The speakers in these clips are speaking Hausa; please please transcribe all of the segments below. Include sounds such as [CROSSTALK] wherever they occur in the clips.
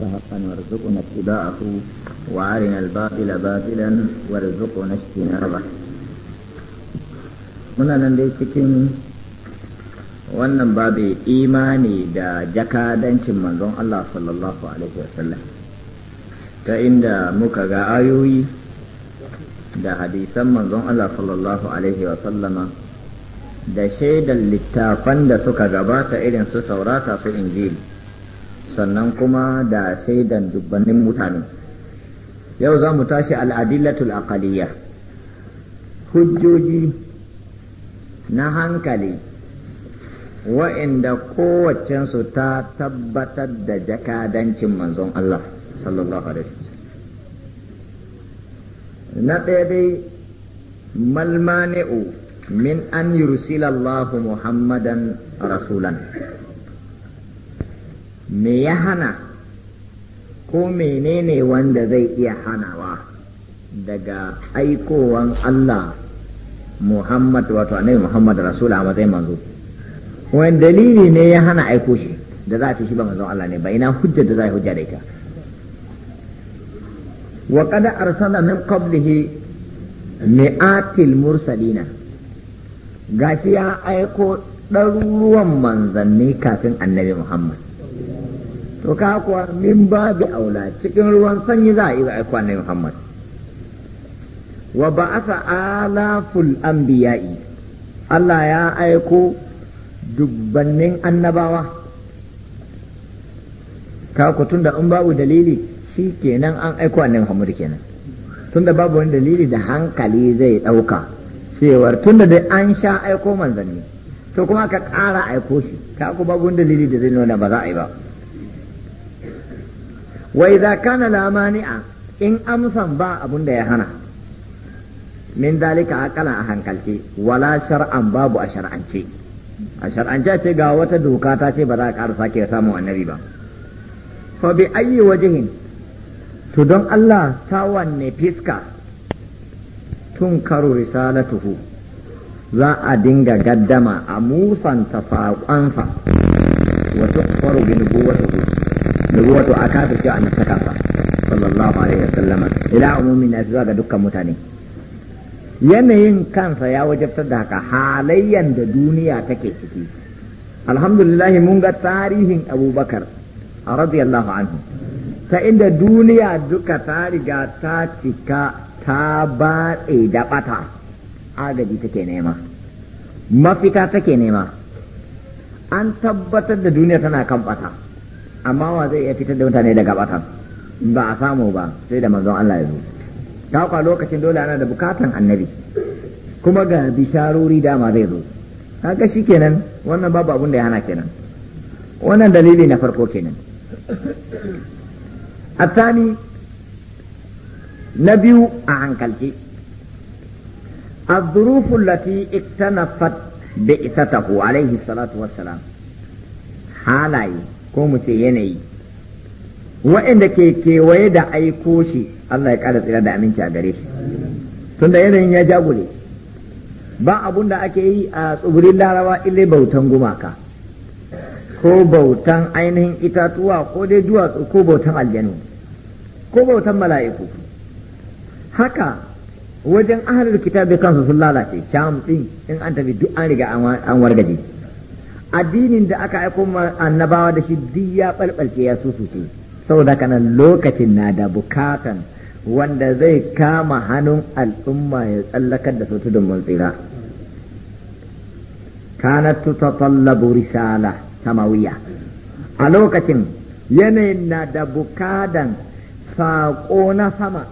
فحقا وارزقنا اتباعه وارنا الباطل باطلا وارزقنا اجتنابه muna nan dai cikin wannan babu imani da jakadancin manzon Allah sallallahu alaihi wasallam ta inda muka ga ayoyi da hadisan manzon Allah sallallahu alaihi wasallama da shaidar littafan da suka gabata irin su taurata su injili sannan kuma da shaidan dubbannin mutane yau za mu tashi al'adillatul aqaliyya hujjoji na hankali wa'inda kowacensu ta tabbatar da jakadancin manzon Allah sallallahu alaihi na ɗaya dai malmani'u min an yursila Allahu Muhammadan rasulan me ya hana ko menene wanda zai iya hanawa daga aikowan Allah Muhammad wato annabi Muhammad Rasul a matsayin manzo wani dalili ne ya hana aiko shi da za a ce shi ba manzon Allah ne ba ina hujja da za a hujja da ita wa qad arsala min qablihi mi'atil mursalina gashi ya aiko ɗaruruwan manzanni kafin annabi Muhammad to ka kuwa min babi aula cikin ruwan sanyi za a yi ba'a a yi Muhammad wa ba'atha alaful anbiya'i Allah ya aiko dubbannin annabawa ka ku tunda in babu dalili shi kenan an aiko annabi Muhammad kenan tunda babu wani dalili da hankali zai ɗauka cewar tunda dai an sha aiko manzanni to kuma ka ƙara aiko shi ka ku babu wani dalili da zai nuna ba za a yi ba wa idza kana la mani'a in amsan ba abun da ya hana min dalika akala a hankalce wala shar'an babu a shar'ance a shar'ance ce ga wata doka ta ce ba za ka ƙara sake samu annabi ba fa bi ayyi wajihin to don Allah ta wanne fiska tun karo risalatuhu za a dinga gaddama a musanta saƙonsa wato faru bin buwatuhu domin wato a kasa cewa an saka sa sallallahu alaihi wasallam ila umumin na zuwa ga dukkan mutane yanayin kansa ya wajabtar da haka halayyan da duniya take ciki alhamdulillah mun ga tarihin abubakar radiyallahu anhu ta inda duniya duka ta riga ta cika ta batse da bata agaji take nema mafita take nema an tabbatar da duniya tana kan bata amma wa zai iya fitar da mutane daga batan ba a samu ba sai da manzon Allah ya zo ta kwa lokacin dole ana da bukatan annabi kuma ga bisharori dama zai zo shi kenan wannan babu abun da ya hana kenan wannan dalili na farko kenan a a na biyu الثاني na Lati الظروف التي اكتنفت بئتته عليه الصلاة والسلام halaye. ko mu ce yanayi wa'inda ke kewaye da aiko shi Allah ya ƙara tsira da aminci a gare shi tunda yanayin ya jagule ba abun da ake yi a tsibirin larawa ile bautan gumaka ko bautan ainihin itatuwa ko dai duwatsu ko bautan aljanu ko bautan mala'iku haka wajen ahalar kitabin kansu sun lalace sham din in an tafi duk an riga an wargaje addinin da aka aiko annabawa da shi duk ya balbalce ya susuce saboda kana lokacin na da bukatan wanda zai kama hannun al'umma ya tsallakar da su tudun mun tsira kanat tutatallabu risala samawiya a lokacin yanayin na da bukadan saƙo na sama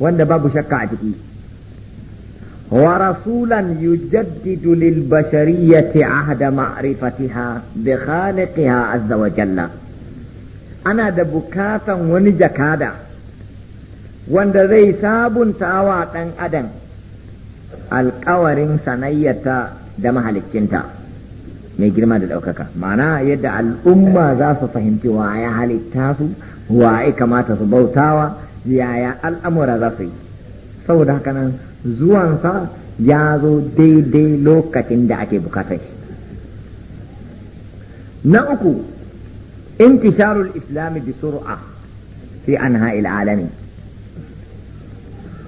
wanda babu shakka a ciki ورسولا يجدد للبشرية عهد معرفتها بخالقها Ana da أنا wani jakada. wanda zai sabunta wa ɗan adam alkawarin sanayyata da mahaliccinta mai girma da ɗaukaka ma'ana yadda al'umma za su fahimci wa ya halitta su kamata su bautawa yaya al'amura za su yi saboda haka nan Zuwan zuwansa ya zo daidai lokacin da ake bukatar shi na uku intisharul islami bi sur'a fi anha'il alami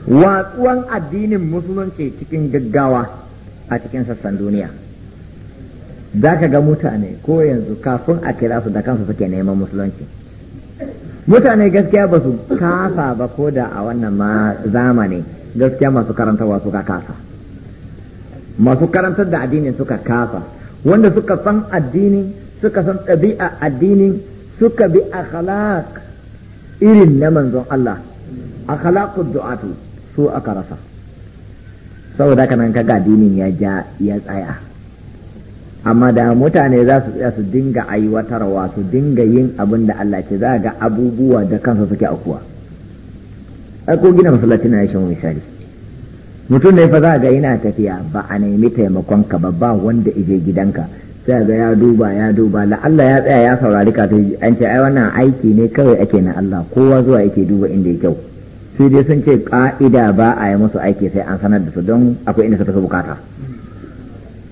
watsuwan addinin musulunci cikin gaggawa a cikin sassan duniya za ka ga mutane ko yanzu kafin a kira su da kansu suke neman musulunci mutane gaskiya ba su kafa ba ko da a wannan zamani gaskiya masu karantarwa suka kasa masu karantar da addini suka kasa wanda suka san addini suka san ɗabi'a addini suka bi akhlaq irin na manzon Allah akhlaqud du'atu su aka rasa saboda kanan kaga addinin ya ja ya tsaya amma da mutane za su tsaya su dinga aiwatarwa su dinga yin abin da Allah ce za ga abubuwa da kansa suke akuwa ai ko gina masallaci na ya misali mutum ne fa za ga yana tafiya ba a nemi taimakon ka ba ba wanda ije gidanka sai ga ya duba ya duba la Allah ya tsaya ya saurari ka an ce ai wannan aiki ne kawai ake na Allah kowa zuwa yake duba inda ya kyau sai dai sun ce ka'ida ba a yi musu aiki sai an sanar da su don akwai inda suka bukata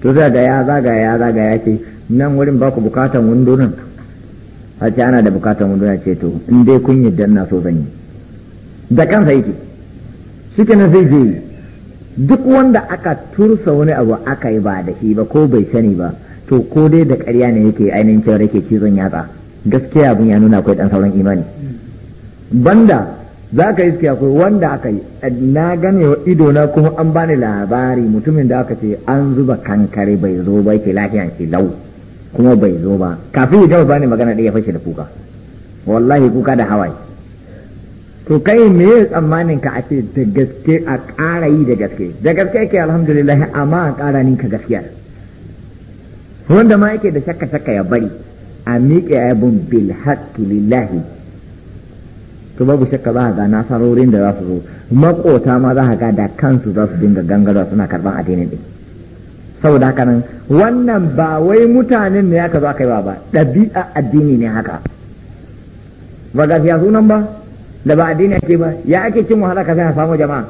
to sai ga ya zaga ya zaga ya ce nan wurin ba ku bukatan wundunan a ce ana da bukatan wundunan ce to in dai kun yi ina so zan yi da kansa yake shi kenan zai je duk wanda aka tursa wani abu aka yi ba da shi ba ko bai sani ba to ko dai da ƙarya ne yake ainihin cewa yake cizon yatsa gaskiya abin ya nuna akwai dan sauran imani banda za ka yi akwai wanda aka yi na gane wa ido na kuma an bani labari mutumin da aka ce an zuba kankare bai zo ba yake lafiya shi lau kuma bai zo ba kafin ya gama bani magana ɗaya fashe da kuka wallahi kuka da hawaye to kai me tsammanin ka a ce da gaske a ƙara yi da gaske da gaske ke alhamdulillah amma a ƙara ninka gaskiya wanda ma yake da shakka shakka ya bari a miƙe abun bil haqqi lillahi to babu shakka za ga nasarorin da za su zo makota ma za ga da kansu za su dinga gangarwa suna karban addinin din saboda haka nan wannan ba wai mutanen ne aka zo aka yi ba ɗabi'a addini ne haka ba gaskiya sunan ba da ba addini ake ba ya ake cin wahala ka a samu jama'a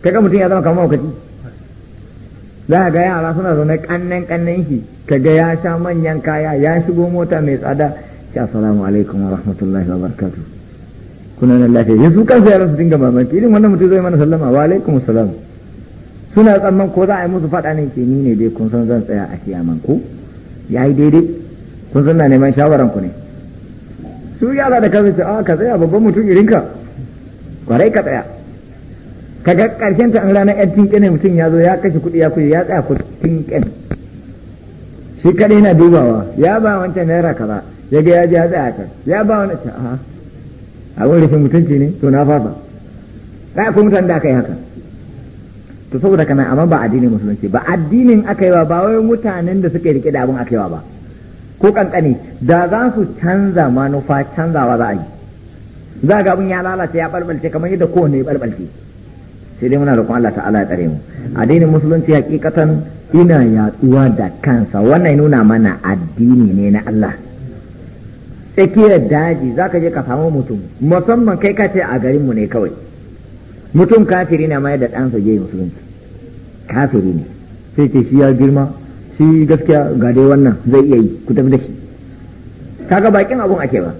ga mutum ya zama kamar maukaci za a ga yara suna zaune kannan kannan shi ga ya sha manyan kaya ya shigo mota mai tsada ya assalamu alaikum wa rahmatullahi wa barakatuh kuna nan lafiya ya su kansa yaran su dinga mamaki irin wannan mutum zai mana sallama wa alaikum assalam suna tsamman ko za a yi musu faɗa ne ke ni ne dai kun san zan tsaya a kiyaman ko ya yi daidai kun san na neman shawaran ku ne su ya za da kansu ce a ka tsaya babban mutum irinka kwarai ka tsaya ka ga karshen ta an ranar yan tinkin mutum ya zo ya kashe kuɗi ya kuɗi ya tsaya ku tinkin shi kaɗai yana dubawa ya ba wancan naira kaza ya ga ya ji ya tsaya kan ya ba wani ta a abin rufin mutunci ne to na fasa ka akwai mutane da aka yi haka to saboda kana amma ba addinin musulunci ba addinin aka yi wa ba wai mutanen da suke rike da abin aka yi wa ba ko kankani da za su canza manufa canzawa za a yi za ga abin ya lalace ya balbalce kamar yadda kowane ya balbalce sai dai muna roƙon Allah ta'ala ya tsare mu addinin musulunci hakikatan ina yatsuwa da kansa wannan nuna mana addini ne na Allah tsakiyar daji za ka je ka samu mutum musamman kai ka ce a mu ne kawai mutum kafiri na mayar da ɗansa je musulunci kafiri ne sai ce shi ya girma shi gaskiya ga dai wannan zai iya yi ku tafi da shi kaga bakin abun ake ba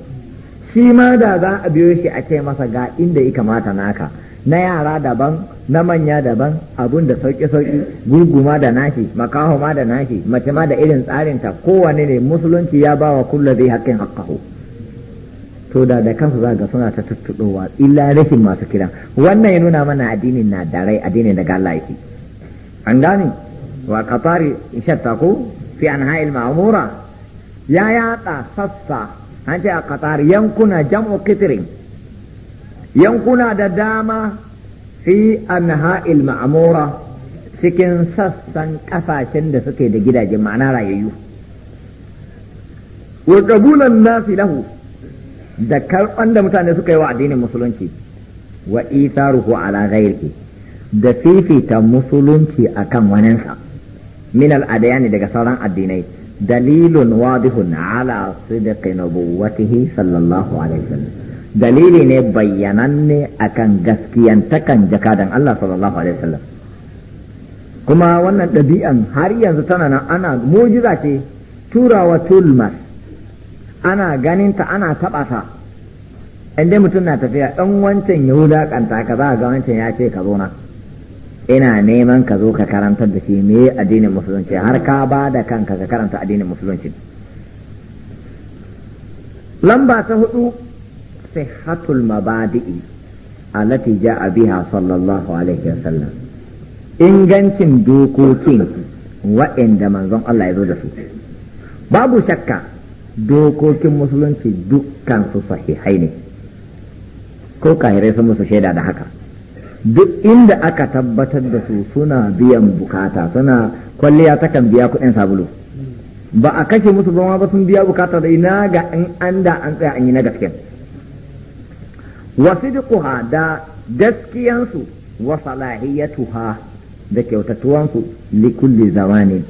shi ma da za a biyo shi a ce masa ga inda ya kamata naka na yara daban na manya daban abun da sauƙi-sauƙi gurguma da nashi makaho da nashi mace ma da irin tsarinta kowane ne musulunci ya ba wa kulla zai haƙƙin haƙƙaho to da da kansu za ga suna ta tuttuɗowa illa rashin masu kira wannan ya nuna mana addinin na darai addinin da Allah yake an gane وقطار شتكو في أنهاء المعمورة يا يا تا سسا أنت قطار ينكنا جمع قطر ينكنا دداما في أنهاء المعمورة cikin sassan kasashen da suke da gidaje ma'ana rayayyu wa qabulan nasi lahu da karban da mutane suka yi wa addinin musulunci wa isaruhu ala ghairihi da fifita musulunci akan waninsa min al-adiyani daga sauran addinai dalilun wadihun ala sidqi nubuwwatihi sallallahu alaihi wasallam dalili ne bayyananne akan gaskiyantakan jakadan Allah sallallahu alaihi wasallam kuma wannan ɗabi'an har yanzu tana nan ana mujiza ce turawa tulmas ana ganinta ana taɓa ta inda mutum na tafiya ɗan wancan ya wulaƙanta ka za a ga wancan ya ce ka zo ina neman ka zo ka karantar da shi me addinin musulunci har ka ba da kanka ka karanta addinin musulunci lamba ta hudu sihhatul mabadi'i allati ja'a biha sallallahu alaihi wasallam ingancin dokokin waɗanda manzon Allah ya zo da su babu shakka dokokin musulunci dukkan su sahihai ne ko kahirai sun musu shaida da haka duk inda aka tabbatar da su suna biyan bukata suna kwalliya takan biya kuɗin sabulu ba a kashe musu ba ba sun biya bukata da ina ga in an da an tsaya an yi na gaske wasidiquha da gaskiyansu wa salahiyatuha da kyautatuwansu li kulli zamanin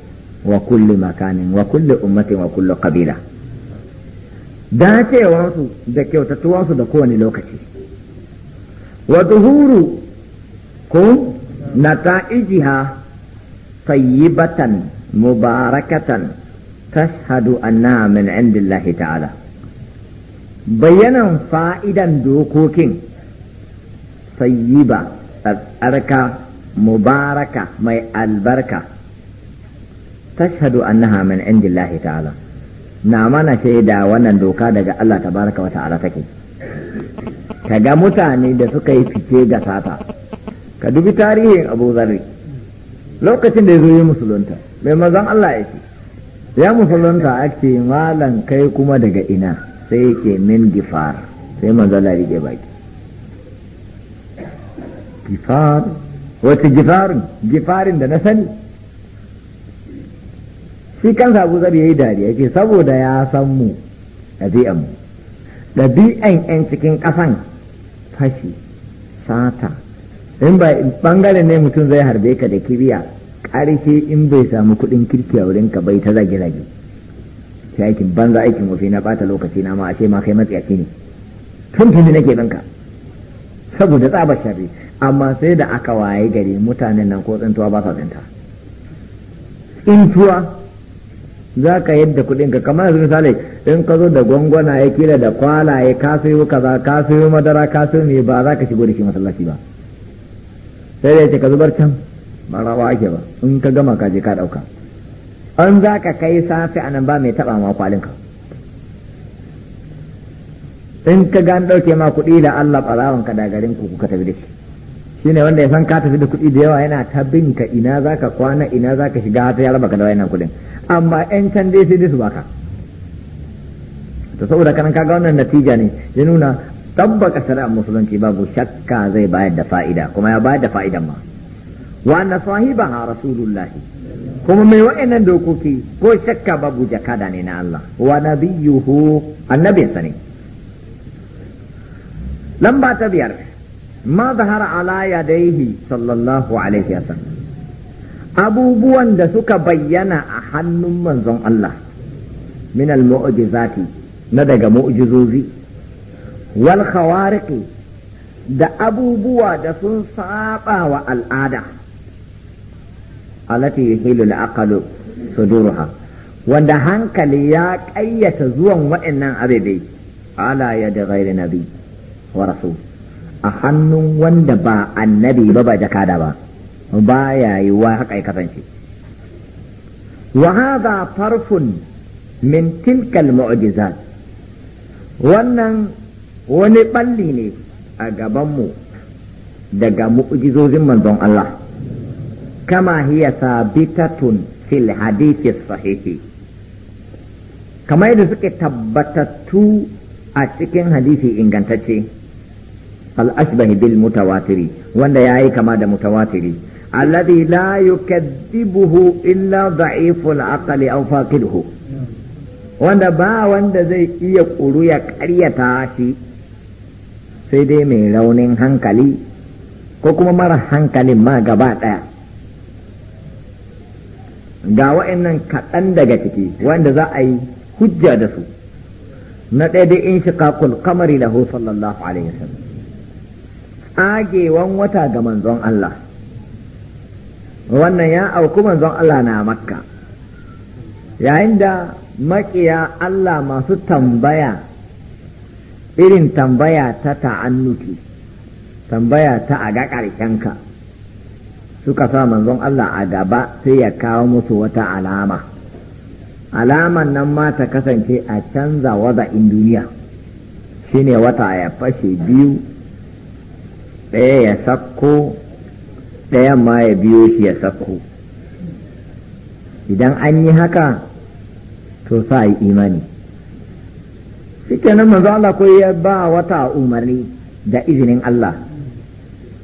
wa kulli makanin wa kulli ummatin wa kulli qabila dacewansu da kyautatuwansu da kowane lokaci wa zuhuru ko nata'ijiha tayyibatan mubarakatan tashhadu annaha min indillahi ta'ala bayanan fa'idan dokokin tayyiba arka mubaraka mai albarka tashhadu annaha min indillahi ta'ala na mana shaida wannan doka daga Allah tabaraka wa ta'ala take kaga mutane da suka yi fice ga sata ka dubi tarihin abu zarri lokacin da ya zo yi musulunta mai mazan Allah ya ce ya musulunta ake malan kai kuma daga ina sai yake min gifar sai manzala rike baki gifar wata gifarin gifarin da na sani shi kansa abu zarri ya yi dariya ce saboda ya san mu ɗabi'an mu ɗabi'an 'yan cikin ƙasan fashi sata in ba bangare ne mutum zai harbe ka da kibiya ƙarshe in bai samu kuɗin kirki a wurin ka bai ta zage zage sai aikin banza aikin wafi na ɓata lokaci na ma a ce ma kai matsiyaci ne tun tuni nake ɗinka saboda tsabar sharri amma sai da aka waye gari mutanen nan ko tsintuwa ba sa tsinta tsintuwa za ka yadda kuɗin ka kamar yanzu misali in ka zo da gwangwana ya kila da kwalaye ka sayo kaza ka sayo madara ka sayo me ba za ka shigo da shi masallaci ba sai da ya ce ka zubar can ba rawa ake ba in ka gama ka je ka ɗauka an za ka kai safi anan ba mai taɓa ma kwalinka in ka gan ɗauke ma kuɗi da Allah ɓarawan ka da ku kuka tafi da shine wanda ya san ka tafi da kuɗi da yawa yana ta bin ka ina za ka kwana ina za ka shiga ta ya raba ka da wayannan kuɗin amma ƴan can dai sai dai su baka to saboda kanan kaga wannan natija ne ya nuna tabbaka shari'ar musulunci babu shakka zai bayar da fa'ida kuma ya bayar da fa'idan ma wa na sahibaha rasulullahi kuma mai wa'annan dokoki ko shakka babu jakada ne na Allah wa nabiyuhu annabinsa ne lamba ta biyar ma zahara ala yadaihi sallallahu alaihi wasallam abubuwan da suka bayyana a hannun manzon Allah min al-mu'jizati na daga mu'jizozi wal da abubuwa da sun saba wa al'ada allati wanda hankali ya ƙayyata zuwan waɗannan ababe ala ya da ghairi nabi wa rasul a hannun wanda ba annabi ba ba jakada ba ba ya yi wa haka ya kasance wa hadha farfun min tilkal mu'jizat wannan wani ɓalli ne a gabanmu daga mu'jizozin manzon Allah kama hiya sabitatun fil hadithi sahihi kamar yadda suke tabbatattu a cikin hadisi ingantacce al-ashbahi bil mutawatiri wanda yayi kama da mutawatiri alladhi la yukaddibuhu illa dha'iful aqli aw faqiduhu wanda ba wanda zai iya ƙuru ya ƙaryata shi sai dai mai raunin hankali ko kuma mara hankalin ma gaba ɗaya ga wa'annan kaɗan daga ciki wanda za a yi hujja da su na ɗaya dai in shi kakul kamari lahu sallallahu alaihi wasallam tsagewan wata ga manzon Allah wannan ya auku manzon Allah na makka yayin da maƙiya Allah masu tambaya irin tambaya ta ta'annuki tambaya ta a ga ƙarshenka suka sa manzon Allah a gaba sai ya kawo musu wata alama alaman nan ma ta kasance a canza waza in duniya shine wata ya fashe biyu ɗaya ya sakko ɗayan ma ya biyo shi ya sakko idan an yi haka to sa yi imani nan manzo Allah ko ya ba wata umarni da izinin Allah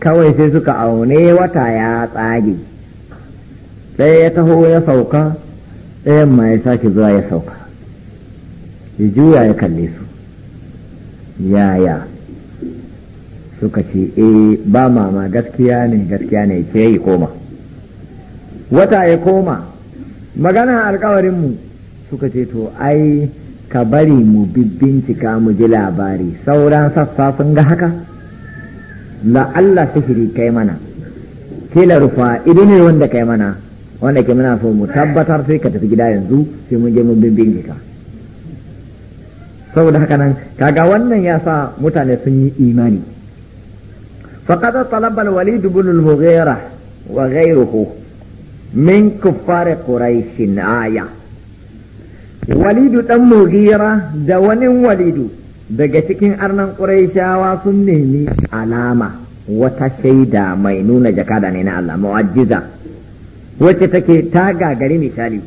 kawai sai suka aune wata ya tsage ɗaya ya taho ya sauka ɗayan ma ya sake zuwa ya sauka ya juya ya kalle su yaya suka ce eh ba mama gaskiya ne gaskiya ne ce yi koma wata ya koma magana alkawarinmu suka ce to ai ka bari mu bincika mu ji labari sauran sassa sun ga haka Allah sihiri kai mana kila rufa ido ne wanda kai mana wanda ke muna so mu tabbatar sai ka tafi gida yanzu sai mun je mun bincika saboda haka nan kaga wannan ya sa mutane sun yi imani faqad talaba al-walid ibn al-mughira wa ghayruhu min kuffar aya walidu ɗan mugira da wani walidu daga cikin arnan ƙuraishawa sun nemi alama wata shaida mai nuna jakada ne na Allah mu'ajjiza wacce take ta gagari misali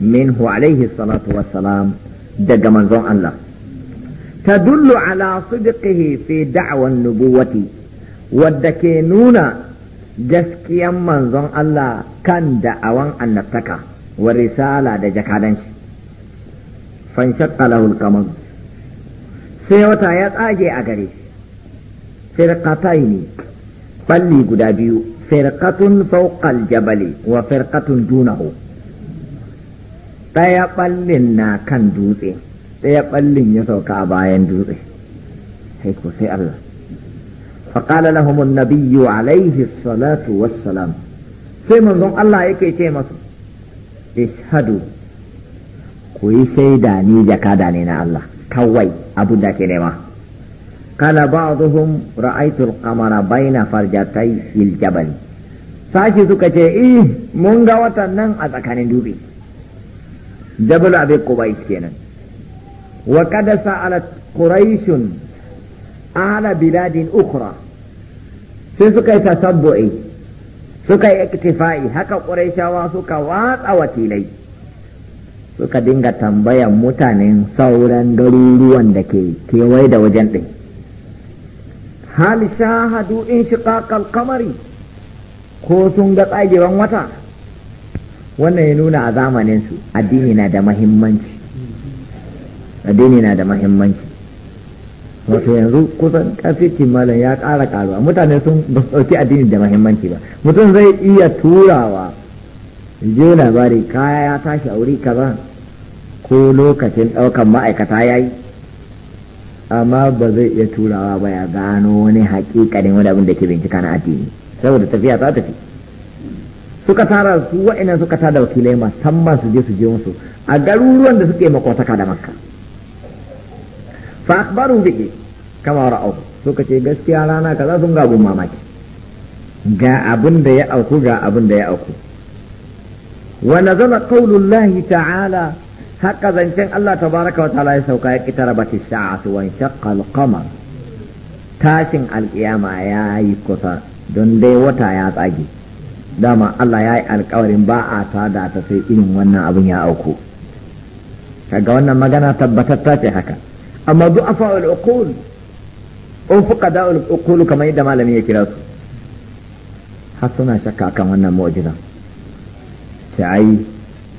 minhu alaihi salatu wassalam daga manzon Allah tadullu ala sidqihi fi da'wan nubuwati wadda ke nuna gaskiyan manzon Allah kan da'awan annabtaka wa risala da jakadanci fanshaqqa lahu kamar sai wata ya tsage a gare shi ne balli guda biyu firkatun fawqa jabali wa firkatun dunahu ɗaya ballin na kan dutse ɗaya ballin ya sauka a bayan dutse sai ko sai Allah فقال لهم النبي alaihi salatu wassalam sai manzon Allah yake ce masu ishadu ku yi shaida ni da ne na Allah kawai abin da ke nema kala ba zuhun al-qamara baina farjatai al-jabal sashi suka ce eh mun ga watan nan a tsakanin dubi jabal abi qubais kenan wa kada sa'ala quraish ala biladin ukhra sai suka yi tasabbu'i suka yi iktifa'i haka quraishawa suka watsa wakilai suka dinga tambayan mutanen sauran garuruwan da ke kewaye da wajen ɗin hal shahadu in shiqaqal kamari ko sun ga tsagewan wata wannan ya nuna a zamaninsu addini na da mahimmanci addini na da mahimmanci wato yanzu kusan kafiti malam ya ƙara ƙaruwa mutane sun ba su ɗauki addini da mahimmanci ba mutum zai iya turawa je labari kaya ya tashi a wuri kaza ko lokacin ɗaukan ma'aikata ya yi amma ba zai iya turawa ba ya gano wani hakikanin wani abin da ke bincika na addini saboda tafiya ta tafi suka tara su wa'annan suka tara wakilai musamman su je su je musu a garuruwan da suke makotaka da makka fa bihi kama ra'u suka ce gaskiya rana kaza sun ga mamaki ga abin da ya auku ga abin da ya auku wana wa nazala qaulullahi ta'ala haka zancen Allah tabaraka wa ta'ala ya sauka ya kitara bati sa'atu wa shaqqa al-qamar tashin alkiyama ya yi kusa don dai wata ya tsage dama Allah ya yi alkawarin ba a tada ta sai irin wannan abin ya auku kaga wannan magana tabbatatta ce haka amma du'afa wal uqul un fuqada wal kamar yadda malami ya kira su har suna shakka kan wannan mu'jiza sai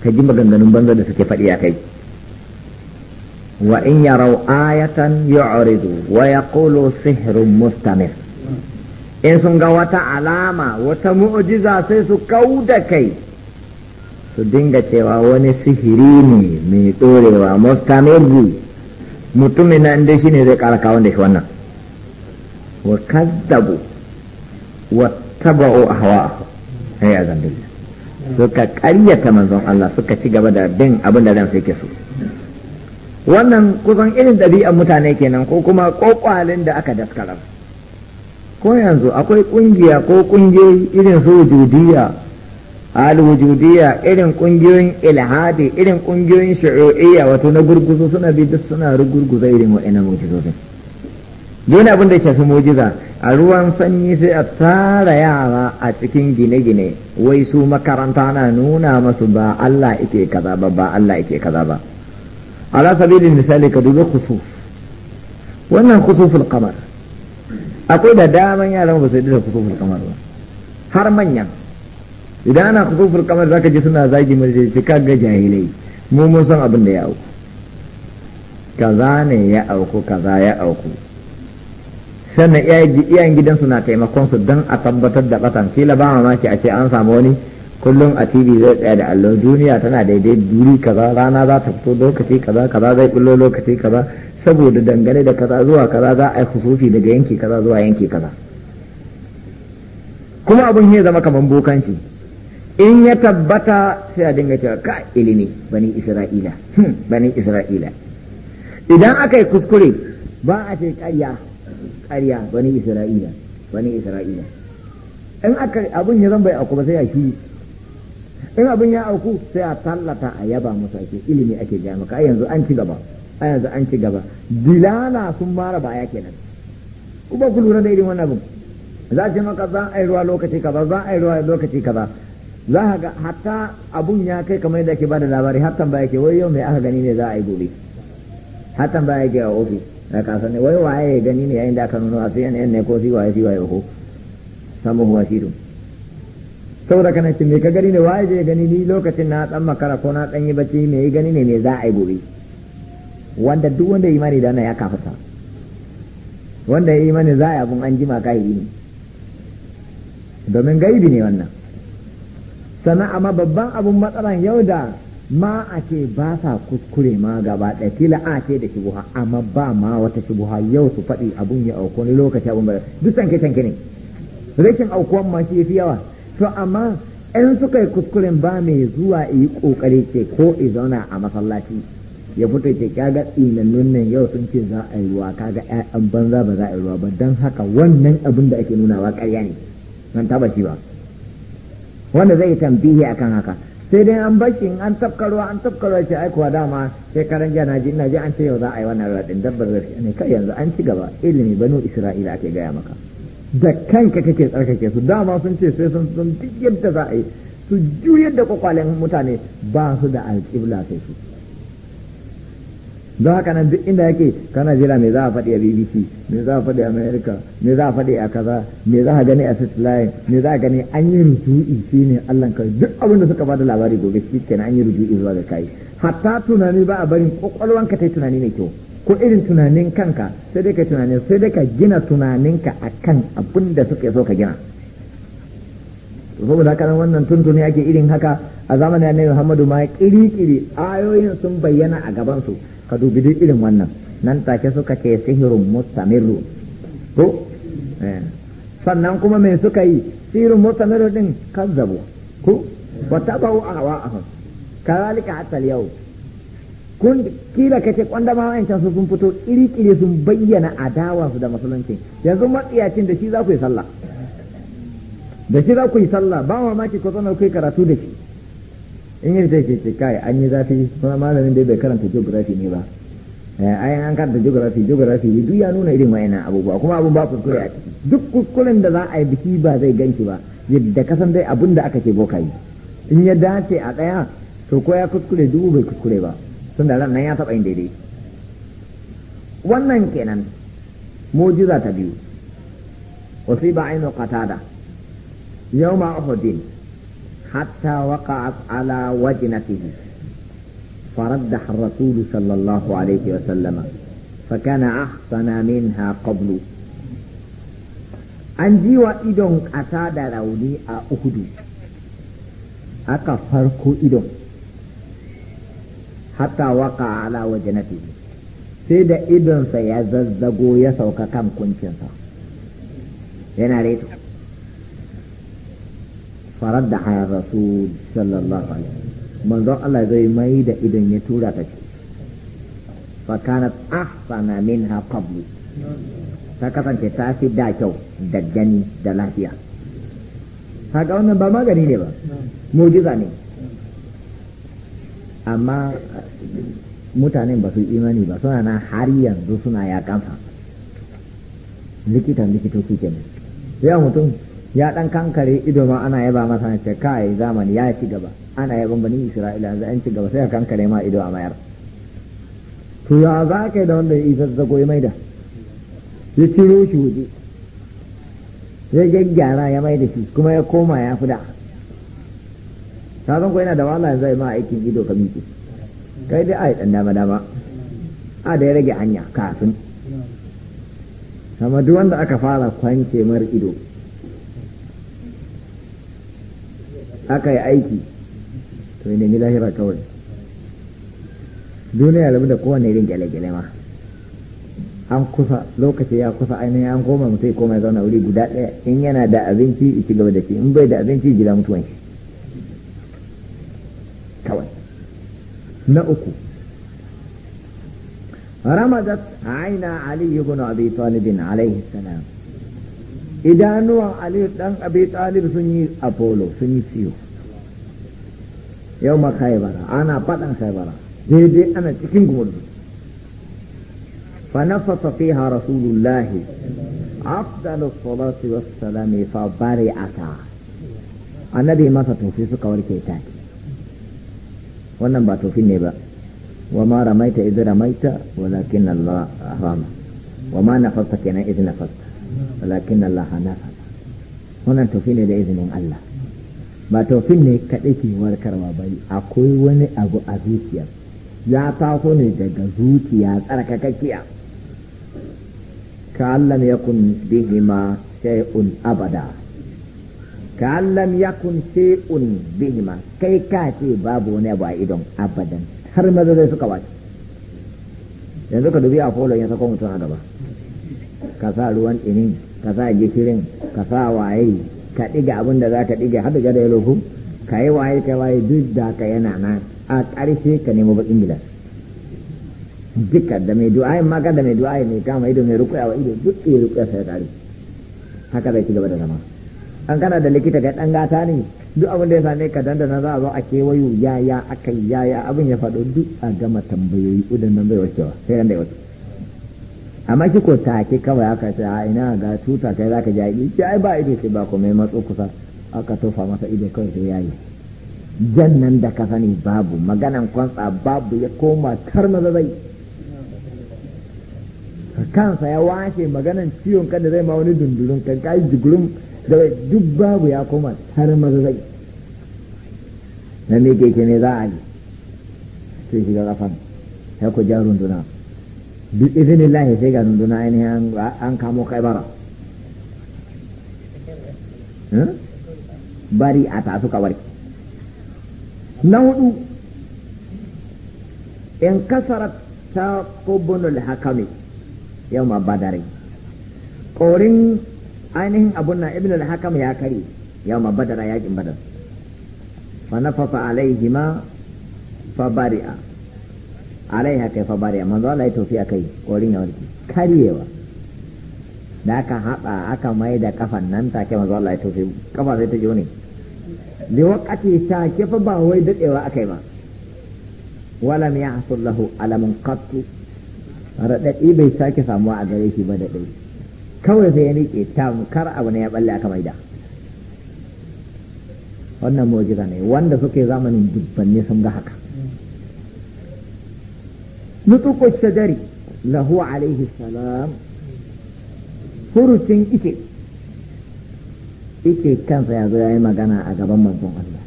ka ji maganganun banza da suke faɗi a kai wa in yarau ayatan yu'ridu wa yaqulu sihrun mustamir in sun ga wata alama wata mu'jiza sai su kauda kai su dinga cewa wani sihiri ne mai ɗorewa mustamir mutumin nan dai shine zai ƙara kawo da shi wannan wa kazzabu wa taba'u ahwa hayya zambillah suka ƙaryata manzon Allah suka ci gaba da bin abin da ransu yake so wannan kusan irin ɗabi'an mutane kenan ko kuma ƙoƙwalin da aka daskara ko yanzu akwai ƙungiya ko ƙungiyoyi irin su wujudiya al wujudiya irin ƙungiyoyin ilhadi irin ƙungiyoyin shi'o'iyya wato na gurguzu suna bi duk suna rugurguza irin wa'annan mutane duk abin da ya shafi mujiza a ruwan sanyi sai a tara yara a cikin gine-gine wai su makaranta na nuna masu ba Allah ike kaza ba ba Allah ike kaza ba ala sabilin misali ka dubi khusuf wannan khusuful kamar. akwai da daman yara ba su da khusuful qamar ba har manyan idan ana khusuful kamar zaka ji suna zagi mulki kaga jahilai mu mun san abin da ya auku kaza ne ya auku kaza ya auku sannan iyayen gidansu na taimakon su don a tabbatar da batan kila ba maki a ce an samu wani kullum a tv zai tsaya da allon duniya tana daidai duri kaza rana za ta fito lokaci kaza kaza zai bullo lokaci kaza saboda dangane da kaza zuwa kaza za a yi kusufi daga yanki kaza zuwa yanki kaza kuma abin ya zama kamar bokanci in ya tabbata sai a dinga cewa ka ilimi bani isra'ila hmm, bani isra'ila idan aka yi kuskure ba a ce karya ƙarya bani isra'ila bani isra'ila in aka abin ya zamba bai auku ba sai a shi in abin ya auku sai a tallata a yaba musu ake ilimi ake gaya maka yanzu an ci gaba a yanzu an ci gaba dilala sun mara baya kenan ku ba ku lura da irin wannan abin za ce maka za a yi ruwa lokaci kaza za a yi ruwa lokaci kaza za ka ga hatta abun ya kai kamar yadda ke ba da labari har ba ke wai yau mai aka gani ne za a yi gobe hatan ba ke a ofis a kasan ne wai waye gani ne yayin da aka nuna a CNN ne ko si waye si waye ko samu huwa shiru saboda kana ce me ka gani ne waye je gani ni lokacin na dan makara ko na dan yi bacci me yi gani ne me za a yi gobe wanda duk wanda imani da wannan ya kafata wanda ya imani za a yi abun an jima kai ne domin gaibi ne wannan sana'a ma babban abun matsalan yau da ma a ce ba sa kuskure ma gaba ɗaya kila a ce da shubuha amma ba ma wata shubuha yau su faɗi abun ya auku wani lokaci abun bada duk sanke sanke ne rashin aukuwan ma shi fi yawa to amma in suka yi kuskuren ba mai zuwa yi ƙoƙari ce ko i zauna a masallaci ya fito ce kaga tsinannun nan yau sun ce za a yi ruwa kaga ƴaƴan banza ba za a yi ruwa ba don haka wannan abin da ake nunawa ƙarya ne nan taɓa ba wanda zai tambihi akan haka sai dai an in an tafkarwa an tafkarwa ce ai kuwa dama shekaran jana ji ina ji an ce yau za a yi wannan raɗin dabbar zafi ne kai yanzu an ci gaba ilimi banu isra'ila ake gaya maka da kanka kake tsarkake su dama sun ce sai sun sun duk yadda za a yi su juyar da kwakwalen mutane ba su da alƙibla sai su don haka nan duk inda yake kana jira me za a faɗi a bbc me za a faɗi a america me za a faɗi a kaza me za a gani a line me za a gani an yi rujui shi ne allah kai duk abin da suka bada labari gobe shi kenan an yi rujui zuwa ga kai hatta tunani ba a barin ka ta yi tunani mai kyau ko irin tunanin kanka sai dai ka tunani sai dai ka gina tunaninka a abin da suka so ka gina saboda haka wannan tuntuni ake irin haka a zamanin annabi Muhammadu ma kiri-kiri ayoyin sun bayyana a gabansu ka dubi duk irin wannan nan take suka ce sihirun mustamiru ko eh. sannan kuma me suka yi sihirun mustamiru din kazzabu ko wa tabau ahwa'ahum kazalika hatta yau kun kila kace kwanda ma wayancan su sun fito kire sun bayyana adawa su da musulunci yanzu matsiyacin da shi za ku yi sallah da shi za ku yi sallah ba ki ko zauna ku yi karatu da shi in yi fita ce kai an yi zafi kuma malamin dai bai karanta geography ne ba eh, ai an karanta geography geography duk ya nuna irin wayannan abubuwa kuma abun ba kuskure a ciki duk kuskuren da za a yi biki ba zai ganki ba yadda kasan dai abun da aka ce boka yi in ya dace a ɗaya, to ko ya kuskure dubu bai kuskure ba tunda ran nan ya taɓa yin daidai wannan kenan mujiza ta biyu da. ainu qatada yawma uhudin حتى وقعت على وجنته فردح الرسول صلى الله عليه وسلم فكان أحسن منها قبل an ji wa idon ƙasa da rauni a uhudu aka farko idon hatta waka ala waje na sai da idonsa ya zazzago ya sauka kan kuncinsa yana reto فرد على الرسول صلى الله عليه وسلم من ذو الله زي ما يدا إذن يتورا تشي فكانت أحسن منها قبل فكانت تتاسي دا كو دجاني دلافيا haka wannan ba magani ne ba mujiza ne amma mutanen ba su imani ba suna nan har yanzu suna yakansa likitan likitoci kenan ya mutum ya dan kankare ido ma ana yaba masa na ce kai zamani ya ci gaba ana yaban bani isra'ila yanzu an ci gaba sai ka kankare ma ido a mayar to ya za ka da wanda ya zazzago ya maida ya ciro shi waje ya gyaggyara ya maida shi kuma ya koma ya fi da zan ko yana da wahala yanzu ma aikin ido ka miƙe kai dai ai dan dama dama a da ya rage hanya kafin sama duk wanda aka fara kwance mar ido aka yi aiki to ne ni lahira kawai duniya labu da kowane irin gyale-gyale ma an kusa lokaci ya kusa ainihin an koma mutum koma ya zauna wuri guda ɗaya in yana da abinci ci gaba da shi in bai da abinci gida mutuwan shi kawai na uku رمضت عين علي بن أبي طالب عليه السلام idanuwan aliyu dan abi talib sun yi apollo sun yi ciwo yau ma khaibara ana faɗan khaibara daidai ana cikin gumurzu فنفث فيها رسول الله أفضل الصلاة والسلام فبرئتا masa ما suka سكا وركيتاك wannan ba tofi ne ba wa ma ramaita idh ramaita walakin Allah rama wa ma nafasta kenan idh nafasta walakin Allah na fada wannan tofi ne da izinin Allah ba tofi ne kaɗai ke warkarwa ba akwai wani abu a zuciya ya taho ne daga zuciya tsarkakakkiya bihi yakun bihima shay'un abada sai yakun shay'un bihima kai ka ce babu wani abu a idon abadan har maza zai suka wace yanzu ka dubi a folon ya sako mutum a gaba ka sa ruwan ɗinin ka sa gishirin ka sa waye ka ɗiga abin da za ka ɗiga har da ya loku ka yi waye ka waye duk da ka yana na a ƙarshe ka nemo baƙin gida duka da mai du'ayin maka da mai du'ayin mai kama ido mai rukuya wa ido duk iya rukuya sai ƙari haka zai ci gaba da zama an kana da likita ga ɗan gata ne duk abin da ya same ka dandana za a zo a kewayo yaya akai yaya abin ya faɗo duk a gama tambayoyi udan nan bai wacewa sai ran da ya wace amma shi ko ke kawai aka ce a ina ga tuta kai zaka ka ai ki ai ba ido sai ba komai matso kusa aka tofa masa ido kawai sai yayi jan nan da ka sani babu maganan kwantsa babu ya koma kar zai kansa ya wace maganan ciwon kan da zai ma wani dundulun kan kai jigurin da duk babu ya koma tar zai na me keke ne za a yi sai shiga kafan sai ku ja runduna bi izinillahi sai ga runduna ainihin an kamo kaibara bari a tasu kawar na hudu in kasarar ta kubunul hakami yau ma dare korin ainihin abun na ibn hakam ya kare yau ma badara yakin badar fa nafafa alaihima fa bari'a alaiha kai fa bariya manzo Allah ya tofi akai korin ya warke karyewa da aka haɗa aka mai da kafan nan take manzo Allah ya tofi kafa sai ta jone bi wakati ta ke fa ba wai dadewa akai ba walam yahsul lahu alamun qattu radadi bai sake samuwa a gare shi ba da dai kawai sai ya miƙe tamkar abu ne ya balle aka maida wannan mu'jiza ne wanda suke zamanin dubbanni sun ga haka نطق الشجر له عليه السلام furucin ice ice kansa ya zo ya yi magana a gaban manzon Allah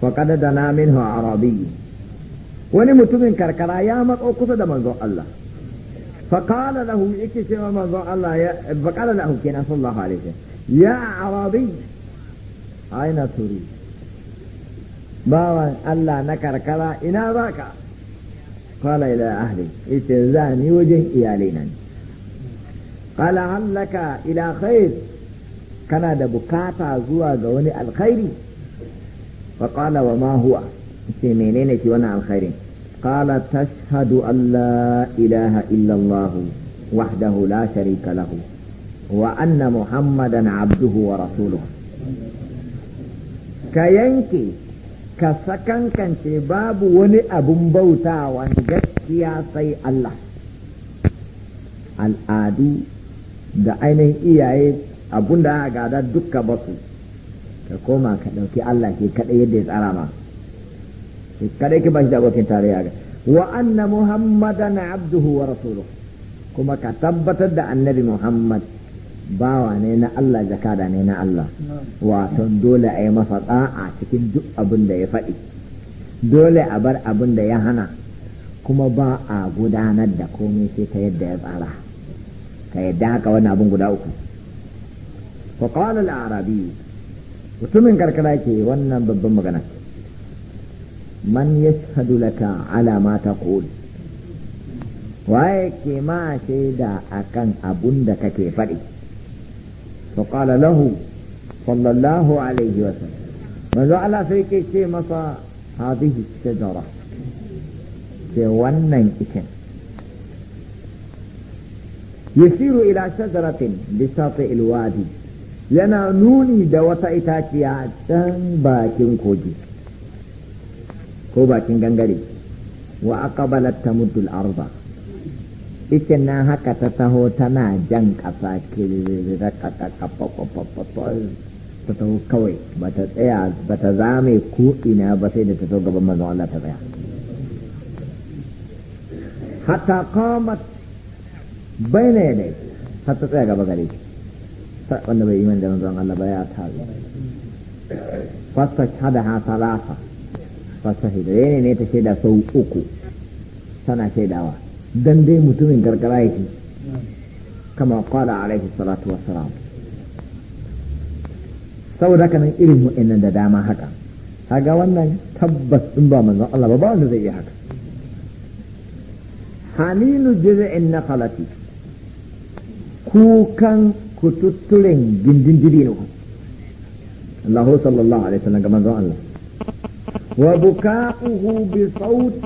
faƙad wani mutumin karkara ya matso kusa da manzon Allah faƙala lahu yake cewa manzon Allah ya faƙala lahu kenan sallallahu alaihi ya arabi aina turi bawan Allah na karkara ina za ka kala ila ahli ita za ni wajen iyalai nan kala hallaka ila khair kana da bukata zuwa ga wani alkhairi fa kala wa ma huwa ce menene ki wani alkhairi kala tashhadu Allah ilaha illallah wahdahu la sharika lahu wa anna muhammadan abduhu wa rasuluhu ka yanke ka sakankance babu wani abun bautawa gaskiya sai Allah al'adu da ainihin iyaye abun da aka gada dukka basu ka koma ka ɗauki Allah ke kaɗai yadda ya tsara ma kaɗai ki bashi da abokin tarayya ga wa anna muhammadan abduhu wa rasuluhu kuma ka tabbatar da annabi muhammad bawa ne na Allah jakada ne na Allah wato dole a yi masa a cikin duk abin da ya faɗi dole a bar abin da ya hana kuma ba a gudanar da komai sai ta yadda ya tsara ka yadda haka wani abin guda uku fa arabi mutumin karkara ke wannan babban magana man yashhadu laka alama ta taqul waye ke ma shaida akan abun da kake faɗi فقال له صلى الله عليه وسلم ماذا على فيك شيء مصى هذه الشجرة سوانا إكن يسير إلى شجرة بشاطئ الوادي لنا نوني دوتا إتاتيا تن باكين كوجي كو باكين غنغري وأقبلت تمد الأرض ita na haka ta taho tana jan ƙasa kirira ta taho kawai ba ta tsaya ba ta zame ko ina ba sai da ta taho gaban manzon Allah ta tsaya hatta qamat bayna yadai har ta tsaya gaba gare wanda bai iman da manzon Allah ba ya tabi fasta shahada ha salasa fasta hidayene ne ta shaida sau uku tana shaidawa dan dai mutumin gargara yake kama kwada alaihi salatu wassalam saboda haka nan irin wa'annan da dama haka haga wannan tabbas din ba manzon Allah ba ba wanda zai yi haka halilu jiz'in naqalati kukan kututturen gindin dibino Allahu sallallahu alaihi wasallam ga manzon Allah وبكاؤه بصوت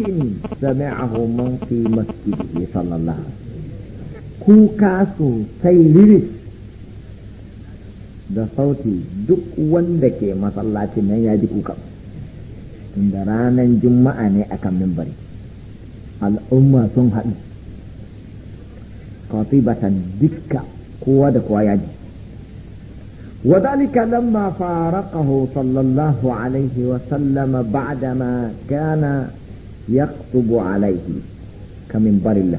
سمعه من في مسجده صلى الله عليه وسلم sai سيلرس da sauti duk wanda ke masallacin nan ya ji kuka inda ranar juma'a ne akan mimbari al'umma sun haɗu kawai batan dukka kowa da kowa ya ji وذلك لما فارقه صلى الله عليه وسلم بعدما كان يخطب عليه كمنبر الله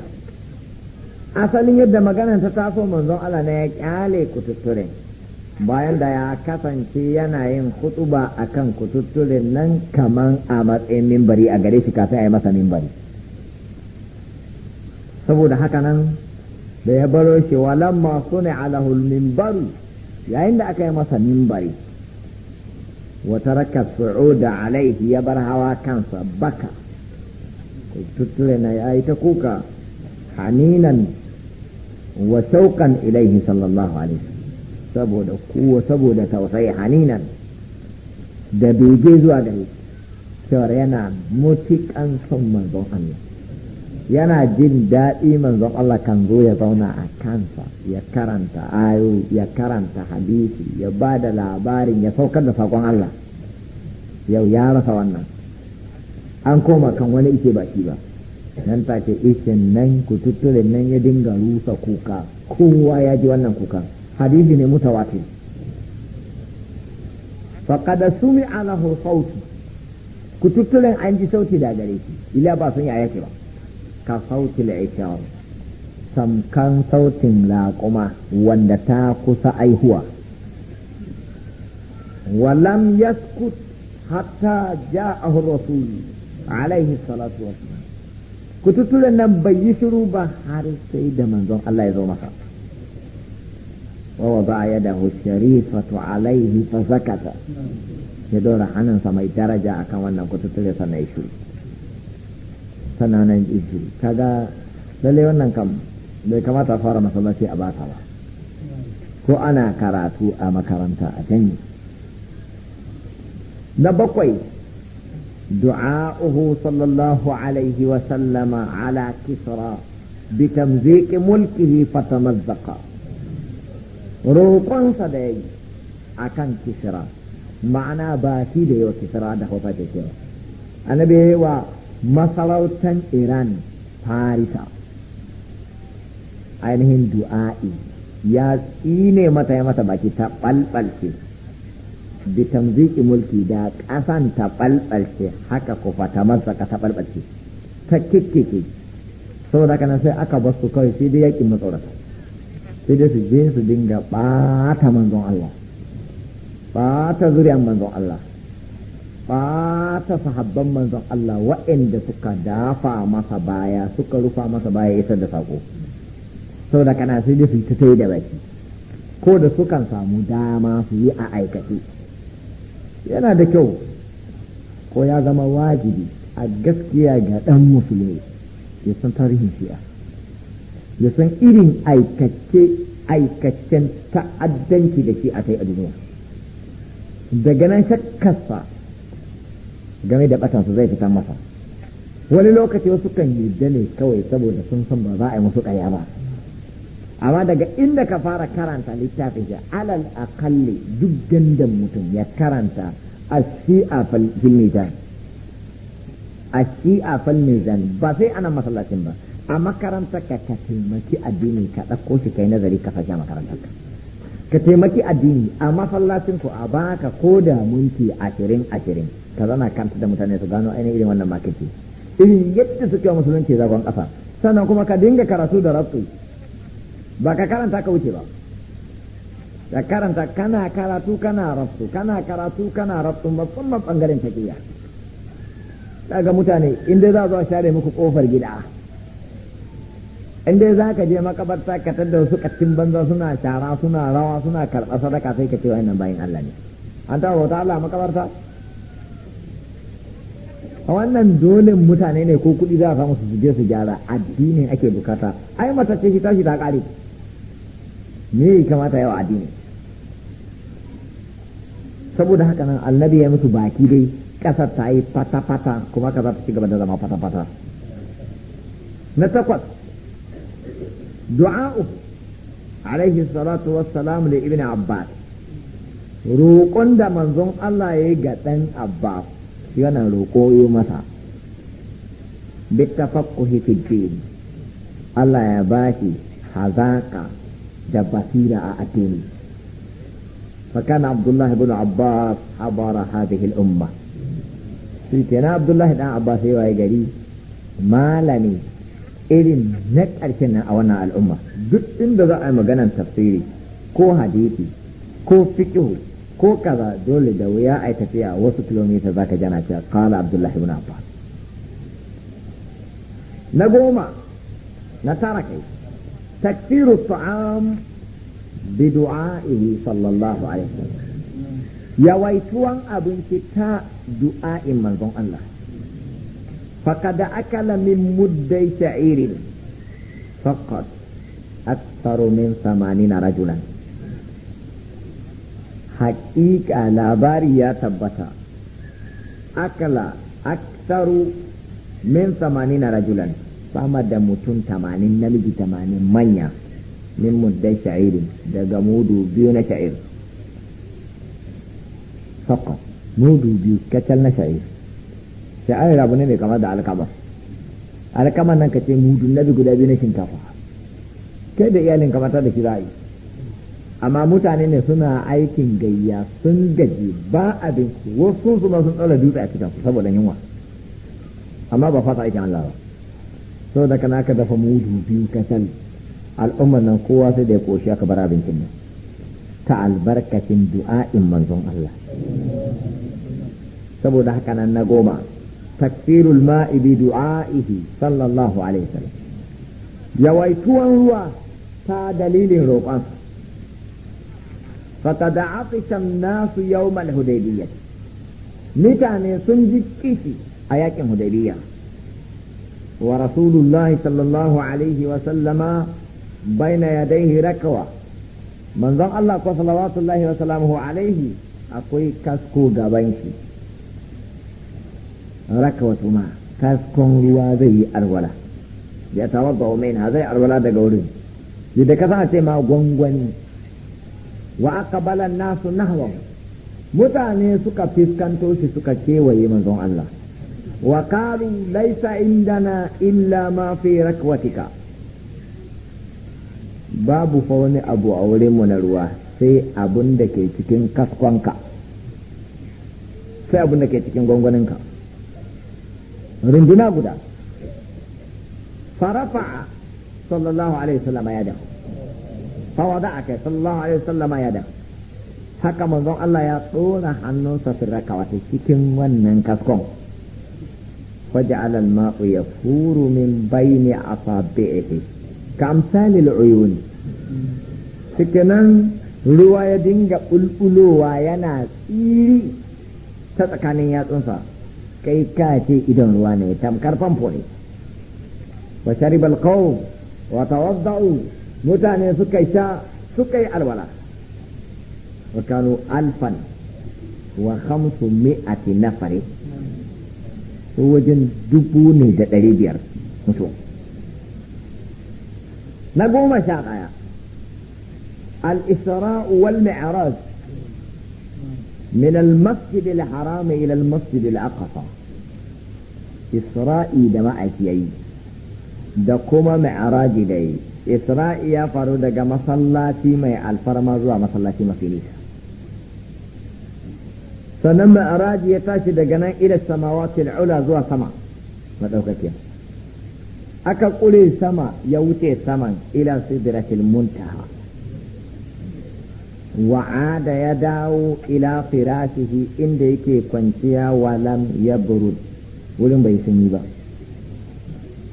asalin yadda maganan ta taso manzon Allah na ya kyale kututturen bayan da ya kasance yana yin hutuba akan kututturen nan kaman a matsayin mimbari a gare shi kafin a yi masa mimbari saboda haka nan da ya baro shi walamma sune alahul yayin da aka yi masa mimbari wata raka su'uda alaihi ya bar hawa kansa baka tutture na ya yi ta kuka haninan wa shaukan ilaihi sallallahu alaihi saboda kuwa saboda tausayi haninan da bege zuwa gare cewar yana mutuƙan son manzon Allah yana jin daɗi manzon Allah kan zo ya zauna a kansa ya karanta ayo ya karanta hadisi ya ba da labarin ya saukar da sakon Allah yau ya rasa wannan an koma kan wani ike baki ba nan ta ke isin nan ku kututturin nan ya dinga rusa kuka kowa ya ji wannan kuka hadisi ne mutawatir faqad sumi'a sauti ku kututturin an ji sauti da gare shi ila ba sun yaya ba ka sautil ishar samkan sautin laƙuma wanda ta kusa aihuwa walam yaskut hatta ja'ahu rasul alaihi salatu Ku kututturen nan bai yi shiru ba har sai da manzon Allah ya zo masa wa wada yadahu sharifatu alaihi fa zakata ya dora sa mai daraja akan wannan kututture sannan ya shiru tana nan kaga lalle wannan kam bai kamata a fara masallaci a bata ba ko ana karatu a makaranta a janye na bakwai du'a'uhu sallallahu alaihi wa sallama ala kisra بتمزيق ملكه فتمزق roƙonsa da ya yi a kan kisira ma'ana ba shi da yau kisira da hausa ke cewa annabi ya yi wa masarautan iran farisa ainihin du'a'i ya tsine mata ya mata baki ta ɓalɓalce bi tamziki mulki da ƙasan ta ɓalɓalce haka ku fata masa ka ta ɓalɓalce ta kikkike saboda kana sai aka ba su kawai sai dai yakin matsaurata sai dai su je su dinga ɓata manzon Allah ɓata zuriyar manzon Allah ta sahabban manzon Allah waɗanda suka dafa masa baya suka rufa masa baya ya da sako sau kana sai da su ta da baki ko da sukan samu dama su yi a aikace yana da kyau ko ya zama wajibi a gaskiya ga ɗan musulmi ya san tarihin shi'a ya san irin aikace aikacen ta'addanci da shi a kai a duniya daga nan shakkarsa game da batansu zai fita masa wani lokaci wasu kan yarda ne kawai saboda sun san ba za a yi musu ƙarya ba amma daga inda ka fara karanta littafin shi alal akalli duk gandan mutum ya karanta a fil mizan a ba sai ana masallacin ba a makaranta ka ka taimaki addini ka ɗauko shi kai nazari ka fashe makarantar ka ka taimaki addini a masallacin ku a baka ko da minti ashirin ashirin ta zana kanta da mutane su gano ainihin irin wannan makirci irin yadda suke musulunci zagon ƙasa sannan kuma ka dinga karatu da rabtu ba ka karanta ka wuce ba ka karanta kana karatu kana rabtu kana karatu kana rabtu musamman bangaren taƙiyya daga mutane inda za zuwa share muku kofar gida inda za ka je makabarta ka da wasu kattin banza suna shara suna rawa suna karɓa sadaka sai ka ce wa'annan bayan Allah ne an ta wata Allah makabarta wannan dole mutane ne ko kuɗi za a samu su je su gyara addinin ake bukata ai mata ce shi tashi ta ƙare me kamata yau addini saboda haka nan annabi ya musu baki dai ƙasar ta yi fata-fata kuma ka za ta ci gaba da zama fata-fata na takwas du'a'u alaihi salatu salamu da ibn abbas roƙon da manzon Allah ya yi ga ɗan abbas yana roƙo yi masa bittafaqquhi fi din Allah ya bashi hazaƙa da basira a addini فكان عبد الله بن عباس حضر هذه الأمة سيدنا عبد الله بن عباس irin na ƙarshen a wannan al'umma duk inda za a yi maganan tafsiri ko hadisi ko fiƙihu ko kaza dole da wuya ai tafiya wasu kilomita zaka jana cewa qala abdullah ibn abbas na goma na tara kai takfiru ta'am bi du'a'ihi sallallahu alaihi wasallam yawaituwan abinci ta du'a'in manzon Allah فقد أكل من مدي شعير فقط أكثر من ثمانين رجلا haƙiƙa labari ya tabbata akala aksaru min na rajulan sama da mutum tamanin namiji tamanin manya min muddai sha'irin daga mudu biyu na sha'ir fakat mudu biyu kacal na sha'ir sha'ir abu ne mai kamar da alkama alkama nan ka ce mudu nabi guda biyu na shinkafa kai da iyalin kamata da shi za'a yi amma mutane ne suna aikin gayya sun gaji ba abin wasu su ma sun tsala dutse a cikin saboda yunwa amma ba fata aikin Allah ba so da kana ka dafa mudu biyu ka san al'ummar nan kowa sai da ya koshi aka bar abincin nan ta albarkacin du'a'in manzon Allah saboda haka nan na goma takfirul ma'i bi du'a'ihi sallallahu alaihi wasallam yawaituwan ruwa ta dalilin roƙonsa baka da an nasu yawm al-hudaybiyah mutane sun ji kishi a yakin hudaybiya wa rasulullahi sallallahu alaihi wa sallama baina yadayhi rakawa manzon Allah ko salawatullahi wa salamuhu akwai kasko gaban shi rakawatu ma kaskon ruwa zai yi alwala ya tawadda zai alwala daga wurin da ka ce ma gwangwani wa aka balan nasu nahwa mutane suka fiskanto shi suka kewaye manzon Allah wa kalu laisa indana illa ma fi rakwatika babu fa wani abu a wurin mu na ruwa sai abun da ke cikin kaskonka sai abun da ke cikin gwangwaninka runduna guda farafa sallallahu alaihi wasallam ya dahu فوضع sallallahu alaihi عليه ya da. haka manzon Allah ya tsora hannunsa fi rakawata cikin wannan kaskon faja'al al-ma'u yafuru min bayni asabi'ihi kamsali al-uyun cikinan ruwa ya dinga bulbulowa yana tsiri ta tsakanin yatsunsa kai ka ce idan ruwa ne tamkar famfo ne wa sharibal qawm wa tawadda'u mutane suka sha suka yi alwala alfan wa hamsu mi'ati na fare wajen dubu ne da ɗari biyar mutu na goma sha ɗaya al-isra'u wal mi'raj min al-masjid al-haram ila al-masjid al-aqsa isra'i da ma'aikiyai da kuma mi'raji da yi isra'i ya faru daga masallaci mai alfarma zuwa masallaci mafi nisa sannan ma'araji ya tashi daga nan ila samawati al'ula zuwa sama madaukakin aka ƙure sama ya wuce saman ila sidratil muntaha wa'ada ya dawo ila firashihi inda yake kwanciya walam ya burud wurin bai sanyi ba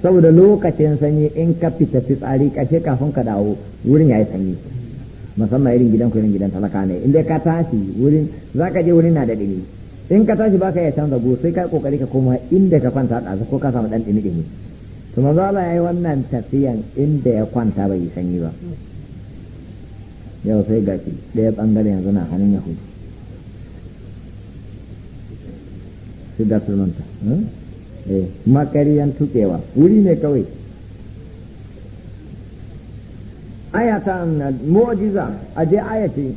saboda lokacin sanyi in ka fita fitsari kashe kafin ka dawo wurin ya yi sanyi musamman irin gidan ku irin gidan talaka ne in dai ka tashi wurin za ka je wurin na da dimi in ka tashi baka iya canza go sai ka kokari ka koma inda ka kwanta a ko ka samu dan dimi dimi to manzo Allah yayi wannan tafiyan inda ya kwanta bai yi sanyi ba yau sai gashi ɗaya bangare yanzu na hannun yahudu sai da Eh, makariyan tukewa wuri ne kawai ayata na mu'jiza a je ayati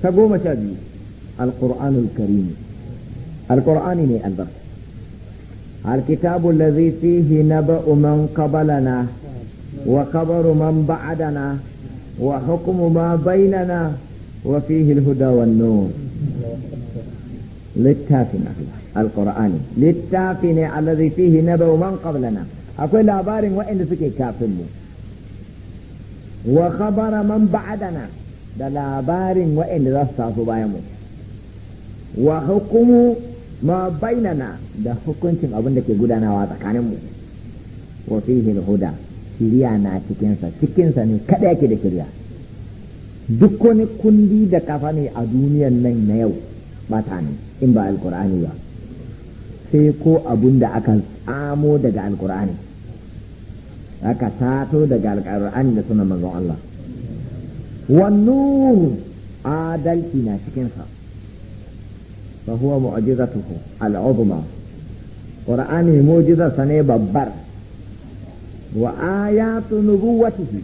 ta goma sha biyu alqur'anul karim ne albarka الكتاب الذي فيه نبأ من قبلنا وخبر من بعدنا وحكم ما بيننا وفيه الهدى والنور للتافه alkur'ani littafi ne allazi fihi nabaw man qablana akwai labarin waɗanda suke kafin mu wa khabara man ba'dana da labarin waɗanda za su taso bayan mu wa hukumu ma bainana da hukuncin abin da ke gudanawa tsakanin mu wa fihi huda shiriya na cikinsa cikinsa ne kada yake da shiriya duk wani kundi da kafa ne a duniyan nan na yau ba ta ne in ba alkur'ani ba ko abun da aka tsamo daga alkur'ani aka tato daga alkur'ani da suna manzon Allah wannan adalci na cikinsa fa huwa mu'jizatuhu al'uzma qur'ani mu'jizarsa sane babbar wa ayatu nubuwwatihi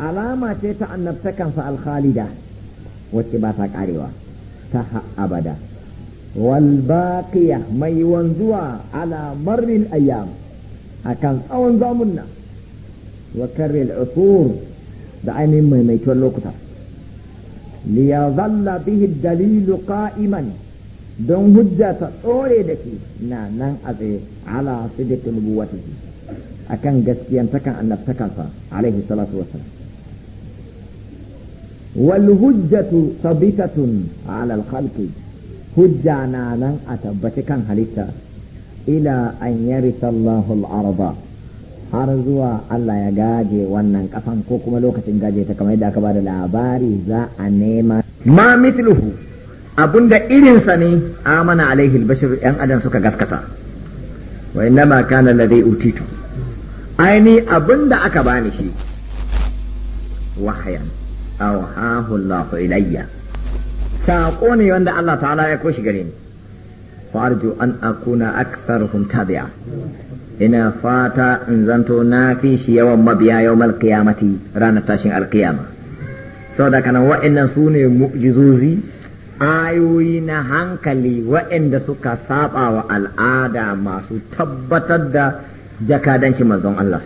alama ce ta annabtakansa al-khalida wacce ba ta karewa ta abada والباقية مي ونزوى على مر الأيام أكان أون زامنا وكر العصور بعين ما يميتوا اللقطة ليظل به الدليل قائما don hujjata ta tsore da shi na nan a tsaye ala sidikin nubuwatihi akan gaskiyan takan annabtakansa alaihi salatu wassalam wal hujjatu sabitatun ala al hujja na nan a tabbaci kan halitta ila an yarisa arba har zuwa Allah ya gaje wannan kafan ko kuma lokacin gaje ta kamar yadda aka bada labari za a nema ma mitluhu abunda irinsa ne amana alaihi albashir yan adam suka gaskata wa innama kana ladai utitu aini abunda aka bani shi wahayan awhahu Allah ilayya saƙo ne wanda Allah ta'ala ya koshi gare ni farju an akuna aktharuhum tabi'a ina fata in zanto na fi shi yawan mabiya yau qiyamati ranar tashin Sau da kana wa'annan su ne mu'jizozi ayoyi na hankali wa'anda suka saba wa al'ada masu tabbatar da jakadanci manzon Allah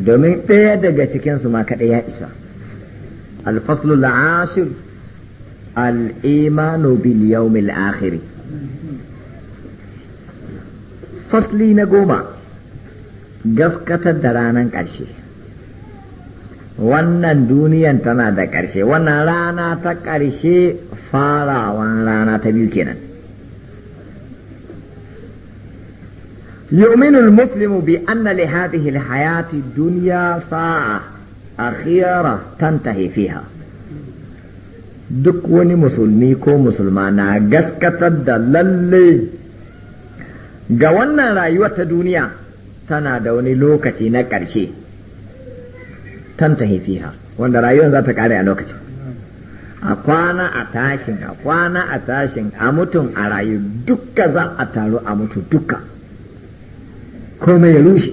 domin ɗaya daga cikinsu ma kaɗai ya isa alfaslul ashir الإيمان باليوم الآخر فصلي نقوما gaskatar da ranar ƙarshe wannan duniyan tana da ƙarshe wannan rana ta ƙarshe farawan rana ta biyu kenan يؤمن المسلم بأن لهذه الحياة الدنيا ساعة أخيرة تنتهي فيها duk wani musulmi ko musulma na gaskatar da lalle ga wannan rayuwa ta duniya tana da wani lokaci na ƙarshe tanta fiha wanda rayuwar za ta ƙare a lokacin a kwana a tashin a kwana a tashin a mutum a rayu duka za a taru a mutu duka komai ya rushe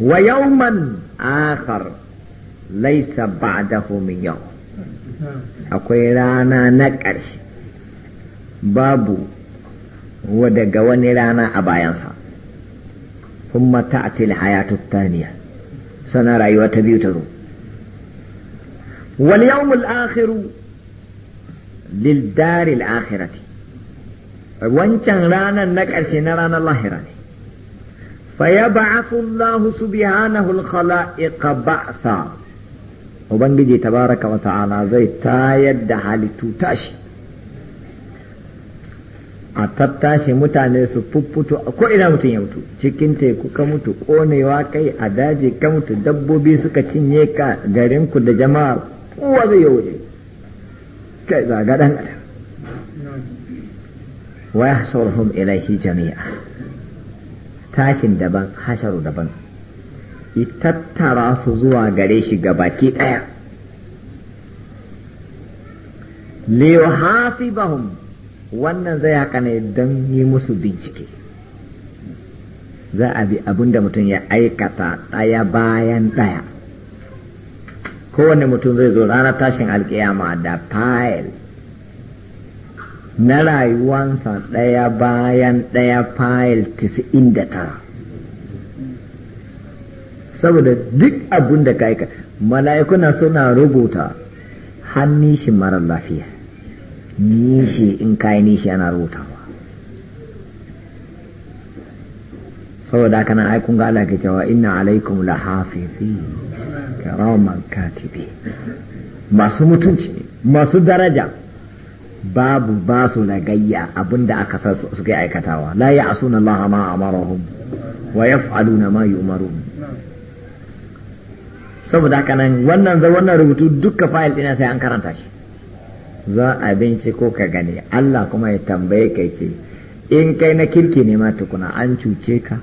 wa yauman akhar laisa ba'dahu min yau hmm. akwai rana na ƙarshe babu daga wani rana a bayansa kuma ta'til hayatu taniya sana rayuwa ta biyu ta zo wal yawmul akhiru lil daril akhirati wancan ranar na ƙarshe na ranar lahira ne فيبعث الله سبحانه الخلائق بعثا ubangiji tabaraka wa ta'ala zai tayar da halittu tashi a tattashi mutane su fuffuto a ko'ina mutum ya mutu cikin teku ka mutu konewa kai a daji ka mutu dabbobi suka cinye ka garinku da jama'a kowa zai waje kai zaga ɗan adam wa yahsuruhum ilaihi jami'a tashin daban hasharu daban i tattara su zuwa gare shi baki ɗaya liyuhasibahum wannan zai haka ne don yi musu bincike za a bi abin da mutum ya aikata ɗaya bayan ɗaya kowane mutum zai zo ranar tashin alƙiyama da fayil na rayuwansa ɗaya bayan ɗaya fayil tara. saboda duk abin da ka aika mala'ikuna suna rubuta hannun shi mara lafiya nishi in kayi nishi ana rubutawa saboda haka nan ai kun ga Allah ke cewa inna alaikum la hafizi karaman katibi masu mutunci masu daraja babu basu su gayya abinda aka san suke aikatawa la ya asuna Allah ma amarahum wa yaf'aluna ma yu'marun saboda haka nan wannan za wannan rubutu duka fayil ɗina sai an karanta shi za a binciko ka gani Allah kuma ya tambaye ka ce in kai na kirki ne ma tukuna an cuce ka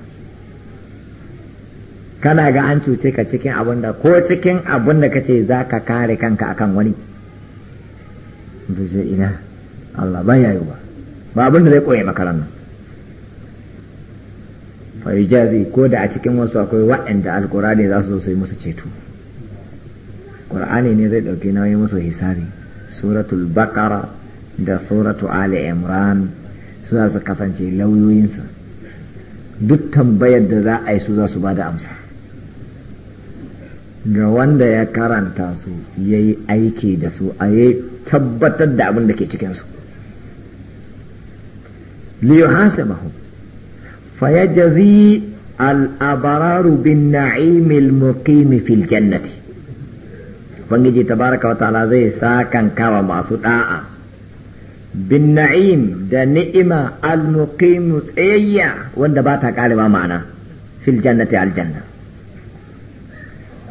kana ga an cuce ka cikin abin da ko cikin abin da kace za ka kare kanka akan wani duje ina Allah ba ya yi ba ba abin da zai koya makaran nan fa ko da a cikin wasu akwai waɗanda alkurani za su zo su yi musu ceto Qur'ani ne zai ɗauki nauyin musu hisabi suratul bakara da suratu ali imran suna su kasance lauyoyinsa duk tambayar da za a yi su za su ba da amsa ga wanda ya karanta su ya yi aiki da su a yi tabbatar da abin da ke cikinsu mahu fayajazi al-abararu bin na'imil muqimi fil jannati ubangiji tabaraka wata'ala zai sakankawa masu da'a bin na'im da ni'ima al-muqimu tsayayya wanda ba ta karewa ma'ana fil jannati aljanna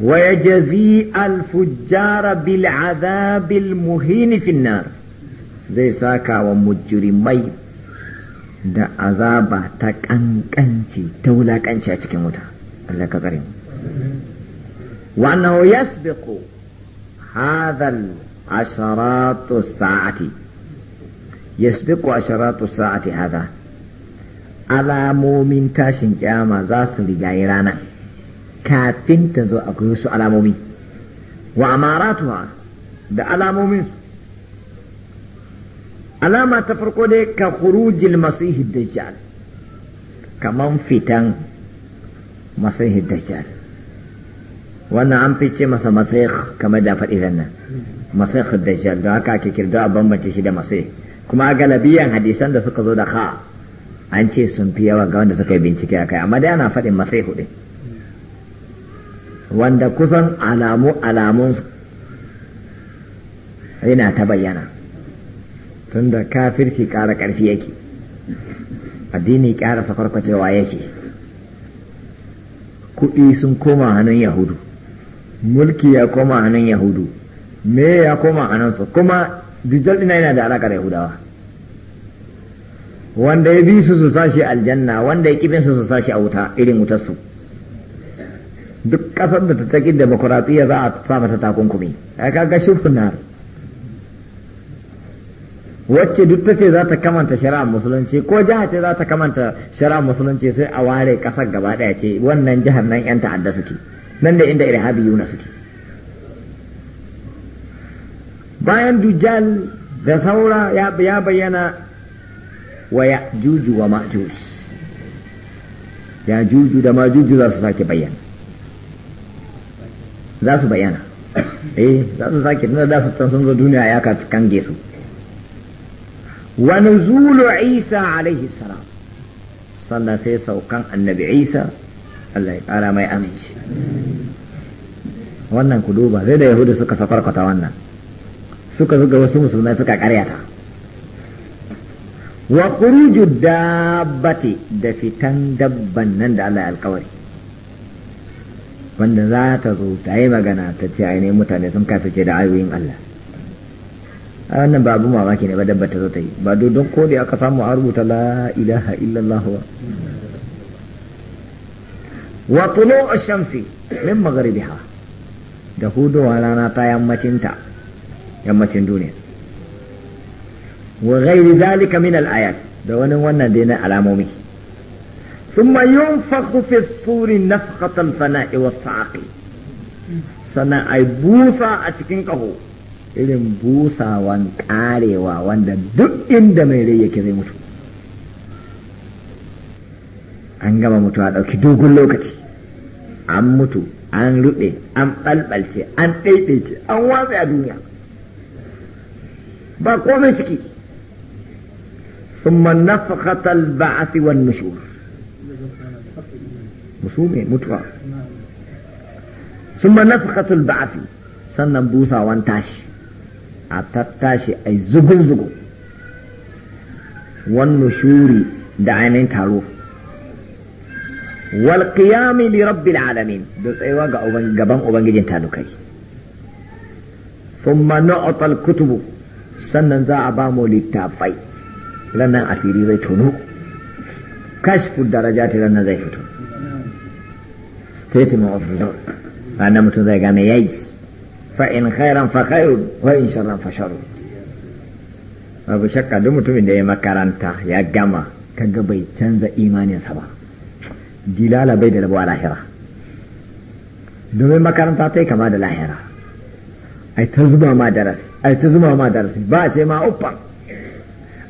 wa yajzi al-fujjara bil adabil muhin fin nar zai saka wa mujrimai da azaba ta kankanci ta wulakanci a cikin wuta Allah ka tsare mu wa annahu yasbiqu هذا عشرات الساعة يسبق عشرات الساعة هذا alamomin tashin kyama za su rigayi rana kafin ta zo akwai wasu alamomi wa amaratuwa da alamomin alama ta farko dai ka khurujil masihi dajjal kaman fitan masihi dajjal wannan an fice masa masih kamar da faɗi nan da dajjal da haka ake kirdo a bambance shi da masih kuma galabiyan hadisan da suka zo da ha an ce sun fi yawa ga wanda suka yi bincike a kai amma dai ana faɗin masih hudu wanda kusan alamu alamun yana ta bayyana tunda kafirci ƙara ƙarfi yake addini ƙara sakwarkwacewa yake kuɗi sun koma hannun yahudu mulki ya koma a nan yahudu me ya koma a nan su kuma dujjal dina yana da alaka da yahudawa wanda ya bi su su sashi aljanna wanda ya kibin su su sashi a wuta irin wutar su duk kasar da ta da demokuraɗiyya za a sa mata takunkumi ya kaga shufnar wacce duk ta ce za ta kamanta shari'ar musulunci ko jiha ce za ta kamanta shari'ar musulunci sai a ware ƙasar gaba ɗaya ce wannan jihar nan 'yan ta'adda suke nan da inda irhabiyuna suke bayan dujjal da saura ya bayyana wa ya juju wa ma'juj ya juju da ma'juju za su sake bayyana za su bayyana [COUGHS] eh za su sake tunda da su sun zo duniya ya ka kange su wa nuzulu isa alaihi salam sannan sai saukan annabi isa Allah ya ƙara mai aminci wannan ku duba sai da yahudu suka sakwarkwata wannan suka zuga wasu musulmai suka karyata wa kuruju dabbati da fitan dabban nan da Allah ya alkawari wanda za ta zo ta yi magana ta ce ainihin mutane sun kafice da ayoyin Allah a wannan ba abu mamaki ne ba dabba ta zo ta yi ba dodon ko da aka samu a rubuta la ilaha illallah wa tulu shamsi min magharibiha da hudowa rana ta yammacinta yammacin duniya wa ghairi zalika min al-ayat da wani wannan dai na alamomi thumma yunfakhu fi as-suri nafkhatan fana'i was sannan ai busa a cikin kaho irin busawan karewa wanda duk inda mai rai yake zai mutu an gama mutuwa ɗauki dogon lokaci an mutu an ruɗe an ɓalɓalce an ɗaiɗaice an watsa a duniya ba komai ciki ثم نفخة البعث والنشور مسومة متوى ثم نفخة البعث سنة بوسا وانتاش أتتاش أي زغل زغل والنشور دعانين تاروه wal qiyami li rabbil alamin da tsayuwa ga gaban ubangijin talukai thumma nu'tal kutubu sannan za a ba littafai ranan asiri zai tono kashfu darajati zai fito statement of result ranan mutum zai gane yayi fa in khairan fa khairun wa in sharran fa sharrun babu shakka duk mutumin da ya makaranta ya gama kaga bai canza imaninsa ba dilala bai da rabuwa lahira domin makaranta ta yi kama da lahira ai ta zuba ma darasi ai ta zuba ma darasi ba a ce ma uppan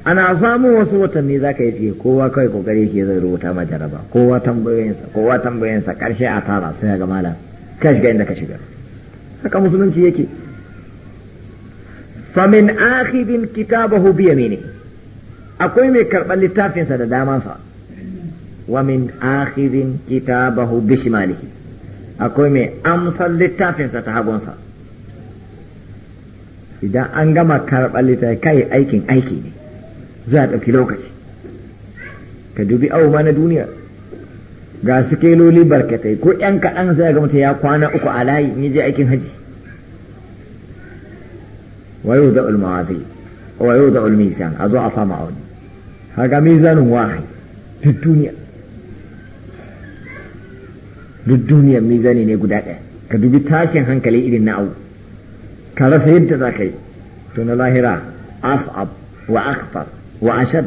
ana samun wasu watanni za ka yi ciki kowa kawai kokari ke zai rubuta ma jaraba kowa tambayoyinsa kowa tambayoyinsa karshe a tara sai ga malam ka shiga inda ka shiga haka musulunci yake famin ahibin kitabahu biyamini ne akwai mai karɓar littafinsa da damansa wa min akhidhin kitabahu bishimalihi akwai mai amsar littafinsa ta hagunsa idan an gama karɓar littafi kai aikin aiki ne za a ɗauki lokaci ka dubi abu ma na duniya ga su loli barkatai ko ‘yan kaɗan sai ga mutum ya kwana uku a layi in je aikin haji wayo da ulmawazi wayo da ulmisan a zo a sama auni haga mizanin wahi duk duniya duk duniyar mizani ne guda ɗaya ka dubi tashin hankali irin na au ka rasa yadda za ka yi to na lahira as'ab wa akhtar wa ashad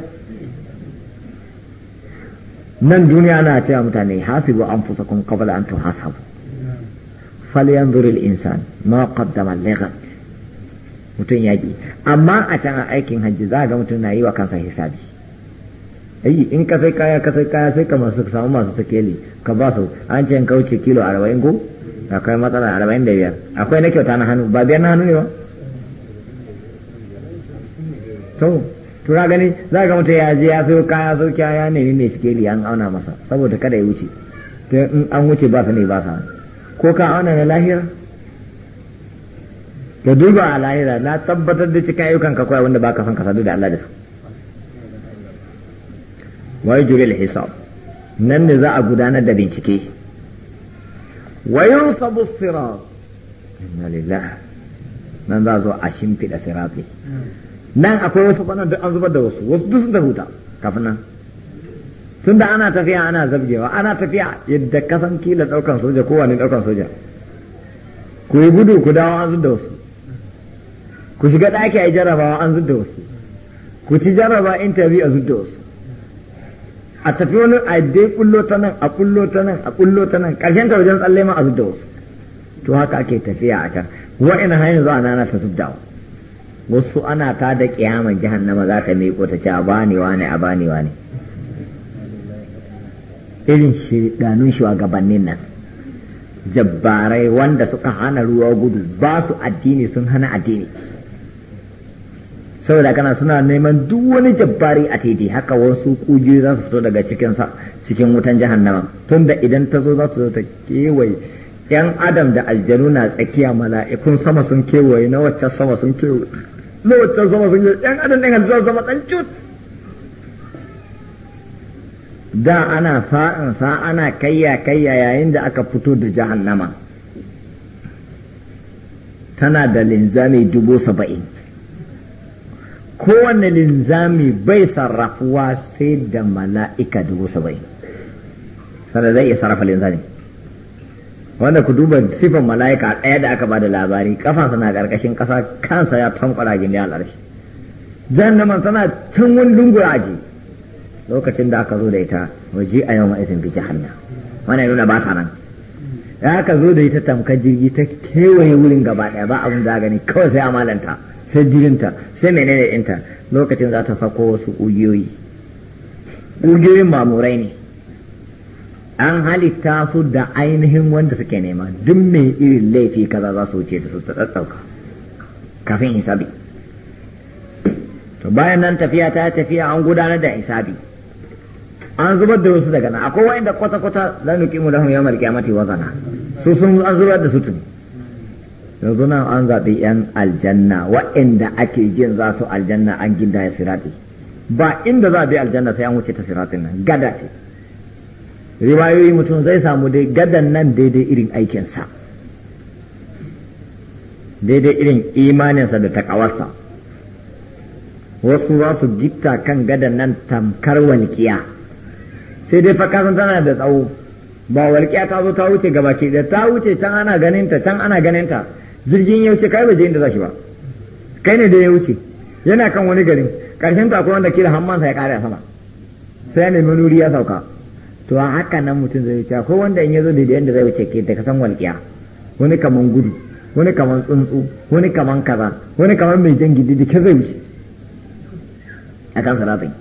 nan duniya na cewa mutane hasibu anfusakum qabla an tuhasabu falyanzur al-insan ma qaddama lighat mutum yaƙi amma a can a aikin hajji za ga mutum na yi wa kansa hisabi ai in ka sai kaya ka sai kaya sai ka masu samu masu sakeli ka ba su an ce kauce kilo arba'in ko akwai matsala arba'in da akwai na kyauta na hannu ba biyar na hannu ne ba to tura gani za ga mutum ya je ya sayo kaya so kaya ne mai sikeli an auna masa saboda kada ya wuce in an wuce ba sa ne ba sa ko ka auna na lahira ka duba a lahira na tabbatar da cikin ayyukan ka kawai wanda baka son ka sadu da Allah da su wai juril hisab nan ne za a gudanar da bincike Wa sabu sirat inna lillah nan za a zo a shimfiɗa sirati nan akwai wasu bana da an zubar da wasu wasu duk sun huta kafin nan tunda ana tafiya ana zabgewa ana tafiya yadda kasan kila ɗaukan soja kowane ɗaukan soja ku yi gudu ku dawo an zubar da wasu ku shiga ɗaki a yi jarrabawa an zubar da wasu ku ci jarraba interview a zubar da wasu a tafi wani a dai kullo ta nan a kullo ta nan a kullo ta nan karshen ta wajen tsalle ma a zubda wasu to haka ake tafiya a can wa'ina har yanzu ana na ta zubdawa wasu ana ta da kiyaman jahannama za ta miƙo ta ce a bani wani a bani wani. irin wa shugabannin nan jabbarai wanda suka hana ruwa gudu ba su addini sun hana addini saboda kana suna neman duk wani jabbari a titi haka wasu kugiyoyi za su fito daga cikin cikin wutan jahannama tunda idan ta zo za su zo ta kewaye yan adam da aljanu na tsakiya mala'ikun sama sun kewaye na wacce sama sun kewaye na wacce sama sun kewaye yan adam ɗin aljanu sama dan cut da ana sa ana kayya kayya yayin da aka fito da jahannama tana da linzami dubu saba'in kowane linzami bai sarrafuwa sai da mala'ika dubu saba'in sannan zai iya sarrafa linzami wanda ku duba sifan mala'ika ɗaya da aka ba da labari kafansa na ƙarƙashin ƙasa kansa ya tankwara gini a ƙarshe jahannaman tana can wani dungur aji lokacin da aka zo da ita waje a yawan izin bi jahanna wani nuna ba ta nan ya aka zo da ita tamkar jirgi ta kewaye wurin gaba ɗaya ba abin da gani kawai sai a malanta. sai jirinta sai menene inta lokacin za ta sako wasu ƙugiyoyi ƙugiyoyin mamurai ne an halitta su da ainihin wanda suke nema duk mai irin laifi kaza za su wuce da su ta ɗaɗɗauka kafin hisabi to bayan nan tafiya ta tafiya an gudanar da hisabi an zubar da wasu daga nan akwai wanda kwata-kwata za mu kimu lahum a mati wazana su sun an zubar da su tuni yanzu nan an zaɓi 'yan aljanna waɗanda ake jin za su aljanna an ginda ya sirati ba inda za a bi aljanna sai an wuce ta siratin nan gada ce riwayoyi mutum zai samu dai gadan nan daidai irin aikinsa daidai irin imaninsa da takawarsa wasu za su gitta kan gadan nan tamkar walƙiya sai dai fakasan tana da tsawo ba walƙiya ta zo ta wuce gabaki da ta wuce can ana ganinta can ana ganinta jirgin ya wuce kai bai je inda za shi ba kai ne da ya wuce yana kan wani garin karshen ta akwai wanda kila hammansa ya kare a sama sai ne manuri ya sauka to a haka nan mutum zai wuce akwai wanda in ya zo daidai yadda zai wuce ke da kasan walƙiya wani kaman gudu wani kaman tsuntsu wani kaman kaza wani kaman mai jan gidi da zai wuce a kan sarafin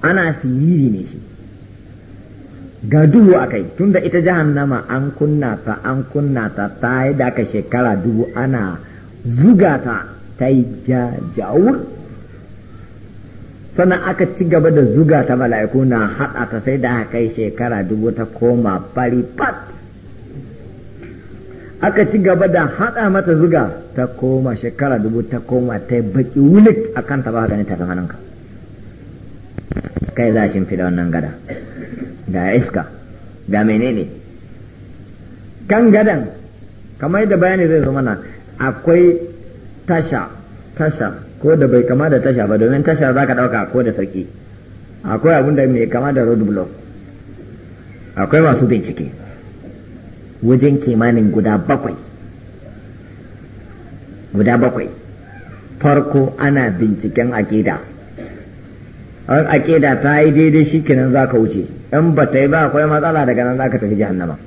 ana siriri ne shi ga duhu a kai tunda ita jahannama an kunna ta an kunna ta ta yi da aka shekara dubu ana zuga ta ta yi jajawur sannan aka ci gaba da zuga ta mala'iku na haɗa ta sai da aka kai shekara dubu ta koma bari pat aka ci gaba da haɗa mata zuga ta koma shekara dubu ta koma ta baki wulik akan ta ba ganin gani ta hannunka kai za shi fi da wannan gada ga iska ga menene kan gadan kamar yadda bayani zai zo mana akwai tasha tasha ko da bai kama da tasha ba domin tasha za ka ɗauka ko da sarki akwai abun da mai kama da road block akwai masu bincike wajen kimanin guda bakwai guda bakwai farko ana binciken akida an aƙida ta yi daidai shi kenan za ka wuce in ba ta yi ba akwai matsala daga nan za ka tafi jahannama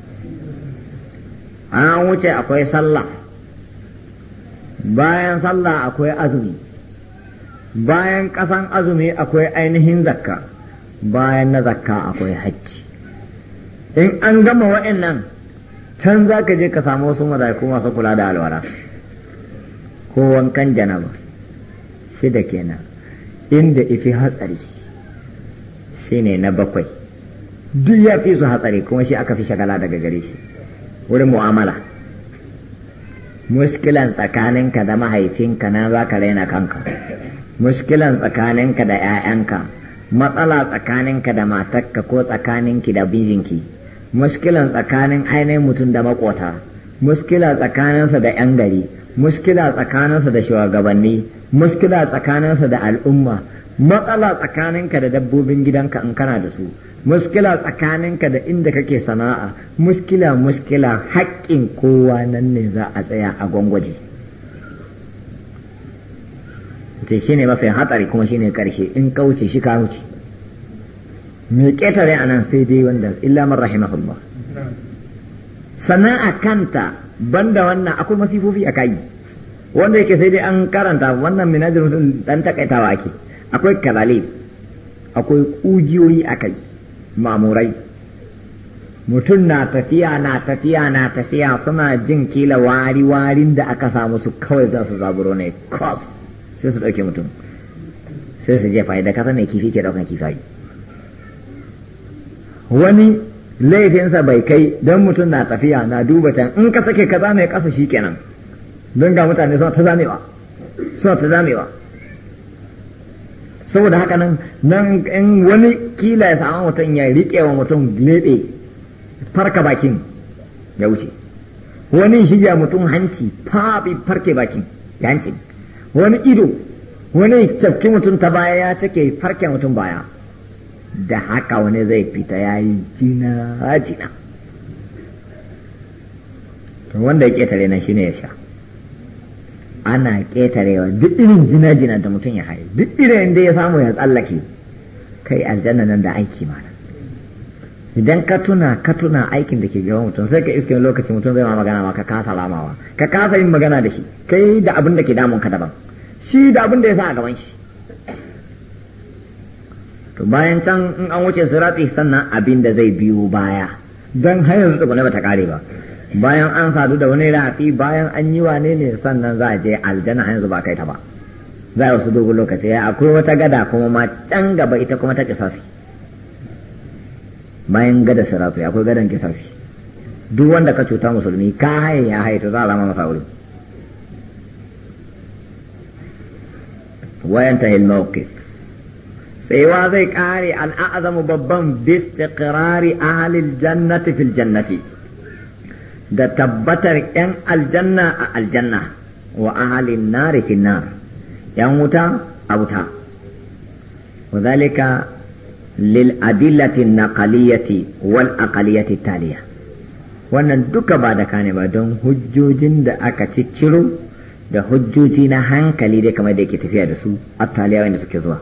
an wuce akwai sallah bayan sallah akwai azumi bayan ƙasan azumi akwai ainihin zakka bayan na zakka akwai hajji in an gama wa'annan can za ka je ka samu wasu mala'iku masu kula da alwara ko wankan janaba shida kenan inda ifi hatsari shine na bakwai duk ya fi su hatsari kuma shi aka fi shagala daga gare shi wurin mu'amala muskilan tsakaninka da mahaifinka nan za ka raina kanka muskilan tsakaninka da 'ya'yanka matsala tsakaninka da matakka ko tsakaninki da bijinki muskilan tsakanin ainihin mutum da makota muskila tsakaninsa da 'yan gari muskila tsakaninsa da shugabanni muskila tsakaninsa da al'umma matsala tsakaninka da dabbobin gidanka in kana da su muskila tsakaninka da inda kake sana'a muskila muskila haƙƙin kowa nan ne za a tsaya a gwangwaje ce shi ne mafi hatsari kuma shi ne ƙarshe in kauce shi ka wuce mai ƙetare a nan sai dai wanda illa man rahimahullah sana'a kanta banda wannan akwai masifofi a kai wanda yake sai dai an karanta wannan minajin musulun dan takaitawa ake akwai kalale akwai kujiyoyi a kai mamurai mutum na tafiya na tafiya na tafiya suna jin kila wari warin da aka samu su kawai za su zaburo ne kos sai su ɗauke mutum sai su jefa da kasa mai kifi ke ɗaukan kifayi wani laifinsa bai kai don mutum na tafiya na duba can in ka sake kaza mai kasa shi kenan don ga mutane suna ta zamewa suna ta zamewa saboda haka nan nan in wani kila ya samu mutum ya riƙe wa mutum lebe farka bakin ya wuce wani shirya mutum hanci faɓi farke bakin ya hanci wani ido wani cafki mutum ta baya ya cike farke mutum baya da haka wani zai fita ya yi jina jina wanda ya ƙetare nan shine ya sha ana ƙetarewa duk irin jina jina da mutum ya haye duk irin da ya samu ya tsallake kai aljanna nan da aiki mana idan ka tuna ka tuna aikin da ke gaban mutum sai ka iske lokaci mutum zai ma magana ma ka kasa lamawa ka kasa yin magana da shi kai da abin da ke damun ka daban shi da abin da ya sa a gaban shi to bayan can in an wuce sirati sannan abin da zai biyo baya don hanyar yanzu tsugune ba ta kare ba bayan an sadu da wani rafi bayan an yi wane ne sannan za a je aljanna hanyar yanzu ba kai ta ba za a wasu dogon lokaci ya akwai wata gada kuma ma can gaba ita kuma ta kisasi bayan gada sirati akwai gadan kisasi duk wanda ka cuta musulmi ka haye ya haye to za a rama masa wurin wayan tahil mawqif tsayuwa zai kare al'azamu babban bistiqrari ahalil jannati fil jannati da tabbatar yan aljanna a aljanna wa ahalin nari fil nar yan wuta a wuta lil وذلك للأدلة wal والأقلية taliya. wannan duka ba da kane ba don hujjojin da aka cicciro da hujjoji na hankali dai kamar da yake tafiya da su a taliya wanda suke zuwa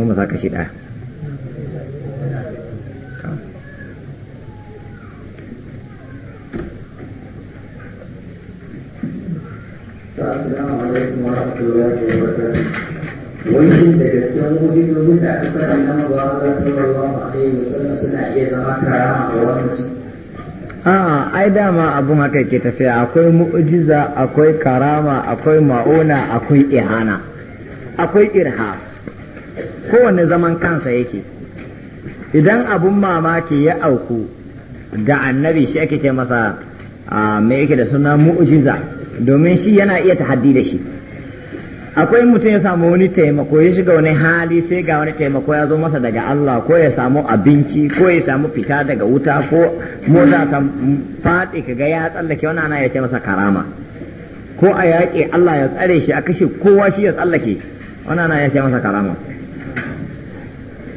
ko mu saka shi ɗaya alaikum wa wajen da wajen da aka suna iya zama karama wani A'a, ai dama abun haka ke tafiya akwai mu'jiza akwai karama akwai ma'una akwai ihana akwai irhas kowane zaman kansa yake idan abun mamaki ya auku ga annabi shi ake ce masa mai yake da suna mu'jiza domin shi yana iya tahaddi da shi akwai mutum ya samu wani taimako ya shiga wani hali sai ga wani taimako ya zo masa daga Allah ko ya samu abinci ko ya samu fita daga wuta ko moza ta faɗi kaga ya tsallake wani ana ya ce masa karama ko a yaƙi Allah ya tsare shi a kashe kowa shi ya tsallake wani ana ya ce masa karama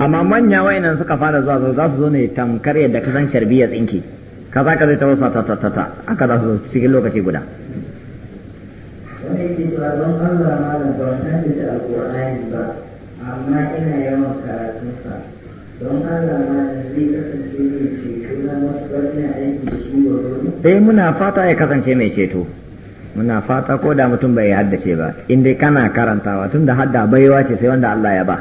amma manya wayannan suka fara zuwa za su zo ne tamkar yadda ka san ya tsinki kaza ka ta wasa ta ta ta aka za su zo cikin lokaci guda don Allah malam ba amma ina yawan don Allah malam zai kasance mai ceto na da shi dai eh, muna fata ya kasance mai ceto muna fata ko da mutum bai haddace ba in dai kana karantawa tun da hadda baiwa ce sai wanda Allah ya ba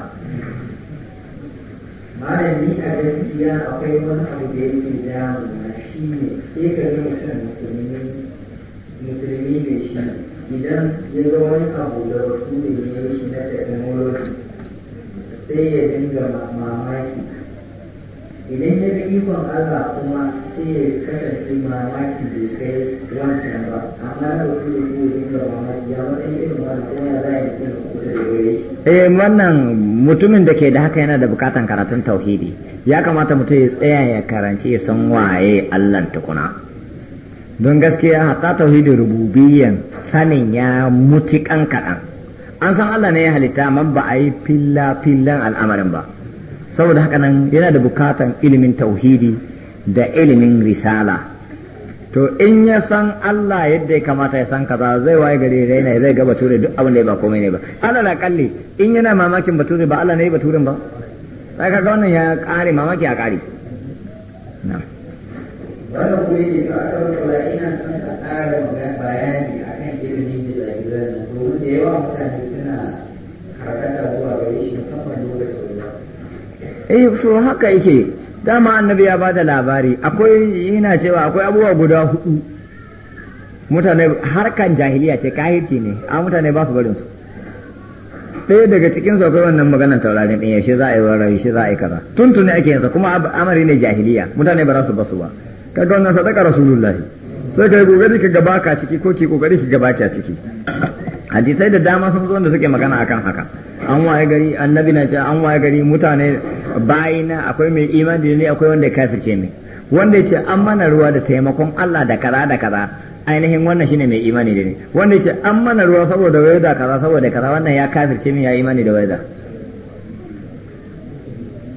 malami a gaskiya akwai wani abu da yake shi ne sai ka ga mutum musulmi musulmi ne shi idan ya ga wani abu da wasu ne yayi yi shi na technology sai ya dinga mamaki idan da ikon Allah kuma sai ya kasance mamaki da ya kai wancan ba amma na ɗauki da shi ya dinga mamaki ya matsayin irin wani kuma ya za ya dinga kuta da gare shi. eh wannan mutumin da ke da haka yana da bukatan karatun tauhidi ya kamata mutum ya tsaya ya karanci ya san waye Allah tukuna don gaskiya hatta tauhidin rububiyyan sanin ya mutu mutukan kaɗan an san Allah ne ya halitta amma ba a yi filla fillan al'amarin ba saboda haka nan yana da bukatan ilimin tauhidi da ilimin risala to in ya san Allah yadda ya kamata ya san kaza zai waye gari raina zai ga bature duk abin da ba komai ne ba Allah na kalli in yana mamakin bature ba Allah ne baturen ba sai kaga wannan ya kare mamaki ya kare na'am wannan kuma yake ka aka rubuta ina son ka ƙara bayani akan ilimin da zai zai to da yawa eh so haka yake dama annabi ya bada labari akwai yana cewa akwai abubuwa guda hudu mutane harkan jahiliya ce kahirci ne a mutane ba su barin su ɗaya daga cikin su akwai wannan maganar taurarin ɗin yaushe za a yi warai shi za a yi kaza tuntuni ake yinsa kuma amari ne jahiliya mutane ba za su basu ba kaga wannan sadaka rasulullahi sai kai kokari ka gaba ka ciki ko ki kokari ki gaba ki a ciki hadisai da dama sun zo da suke magana akan haka an waye gari annabi na ce an waye gari mutane bayina akwai mai imani ne akwai wanda ya kafirce mai wanda ce an mana ruwa da taimakon Allah da kaza da kaza ainihin wannan shine mai imani da ne wanda ya ce an mana ruwa saboda da kaza saboda kaza wannan ya kafirce mai ya imani da da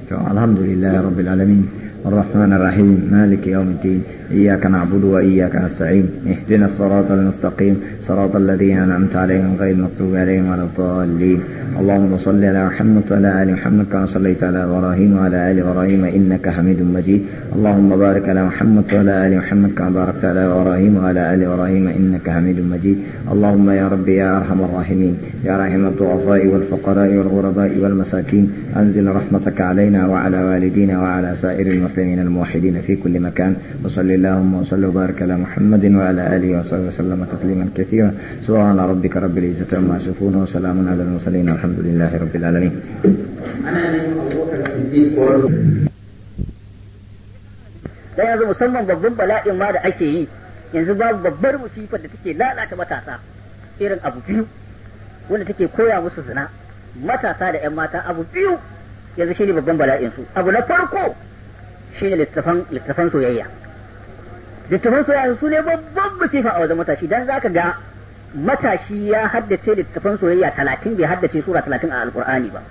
to alhamdulillah rabbil alamin الرحمن الرحيم مالك يوم الدين إياك نعبد وإياك نستعين اهدنا الصراط المستقيم صراط الذين أنعمت عليهم غير المغضوب عليهم ولا الضالين اللهم صل على محمد وعلى آل محمد كما صليت على إبراهيم وعلى آل إبراهيم إنك حميد مجيد اللهم بارك على محمد وعلى آل محمد كما باركت على إبراهيم وعلى آل إبراهيم إنك حميد مجيد اللهم يا ربي يا أرحم الراحمين يا رحم الضعفاء والفقراء والغرباء والمساكين أنزل رحمتك علينا وعلى والدينا وعلى سائر المسلمين الموحدين في كل مكان وصلي اللهم وصل وبارك على محمد وعلى آله وصحبه وسلم تسليما كثيرا سبحان ربك رب العزة عما يصفون وسلام على المرسلين الحمد لله رب العالمين da yanzu musamman babban bala'in ma da ake yi yanzu babu babbar musifar da take lalata matasa irin abu biyu wanda take koya musu zina matasa da 'yan mata abu biyu yanzu shine babban bala'in su abu na farko shine littafan littafan soyayya littafan soyayya su ne babban musifa a wajen matashi dan zaka ga matashi ya haddace littafan soyayya talatin bai haddace sura talatin a alkur'ani ba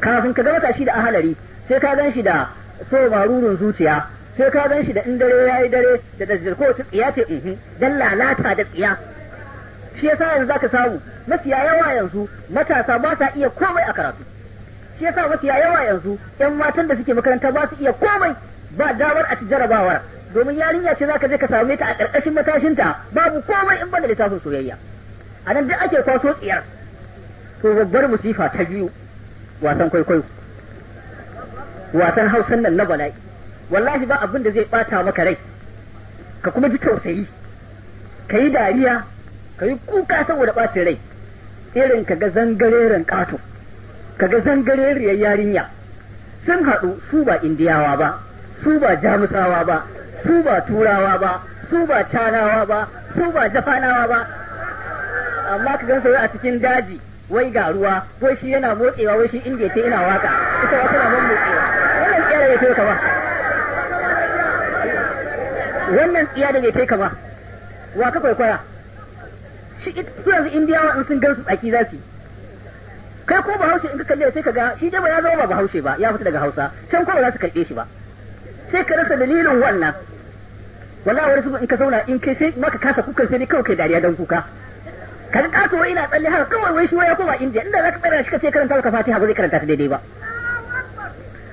kafin ka ga matashi da ahalari sai ka gan shi da so marurun zuciya sai ka gan shi da in dare ya yi dare da da ta tsiya ce uhu dan lalata da tsiya shi yasa yanzu zaka samu mafiya yawa yanzu matasa ba sa iya komai a karatu shi yasa mafiya yawa yanzu yan matan da suke makaranta ba su iya komai ba damar a ci jarabawar domin yarinya ce zaka je ka same ta a ƙarƙashin matashinta babu komai in bada littafin soyayya a nan duk ake kwaso tsiyar to babbar musifa ta biyu wasan kwaikwayo wasan hausan nan na bala'i wallahi ba abin da zai bata maka rai ka kuma ji tausayi ka yi dariya ka yi kuka saboda ɓacin rai irin ka ga zangareren ƙato ka ga zangareriyar yarinya sun haɗu su ba indiyawa ba su ba jamusawa ba su ba turawa ba su ba canawa ba su ba jafanawa ba amma ka gan a cikin daji wai ga ruwa ko shi yana motsewa wai shi inda ce ina waka ita wata na mun motsewa wannan tsiyar da bai ka ba wannan tsiya da bai ka ba wa ka kwaikwaya shi su yanzu indiyawa in sun gansu tsaki za su yi kai ko bahaushe in ka kalle sai ka ga shi dai ba ya zama ba bahaushe ba ya fita daga hausa can ko ba za su karɓe shi ba sai ka rasa dalilin wannan wallahi wani sabon in ka zauna in kai sai maka kasa kukan sai ne kawai kai dariya dan kuka ka kato wai ina tsalle haka kawai wai shi wai ya koma indiya inda zaka tsara shi ka ce karanta ka fatiha ba zai karanta ta daidai ba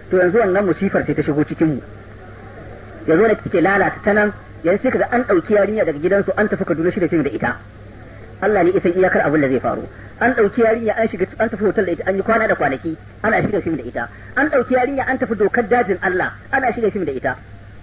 to yanzu wannan musifar sai ta shigo cikin mu yanzu ne take lalata ta nan yanzu sai kaga an dauki yarinya daga gidansu an tafi Kaduna shi da fim da ita Allah ne isan iyakar abin da zai faru an ɗauki yarinya an shiga an tafi hotel da ita an yi kwana da kwanaki ana shirya fim da ita an ɗauki yarinya an tafi dokar dajin Allah ana shirya fim da ita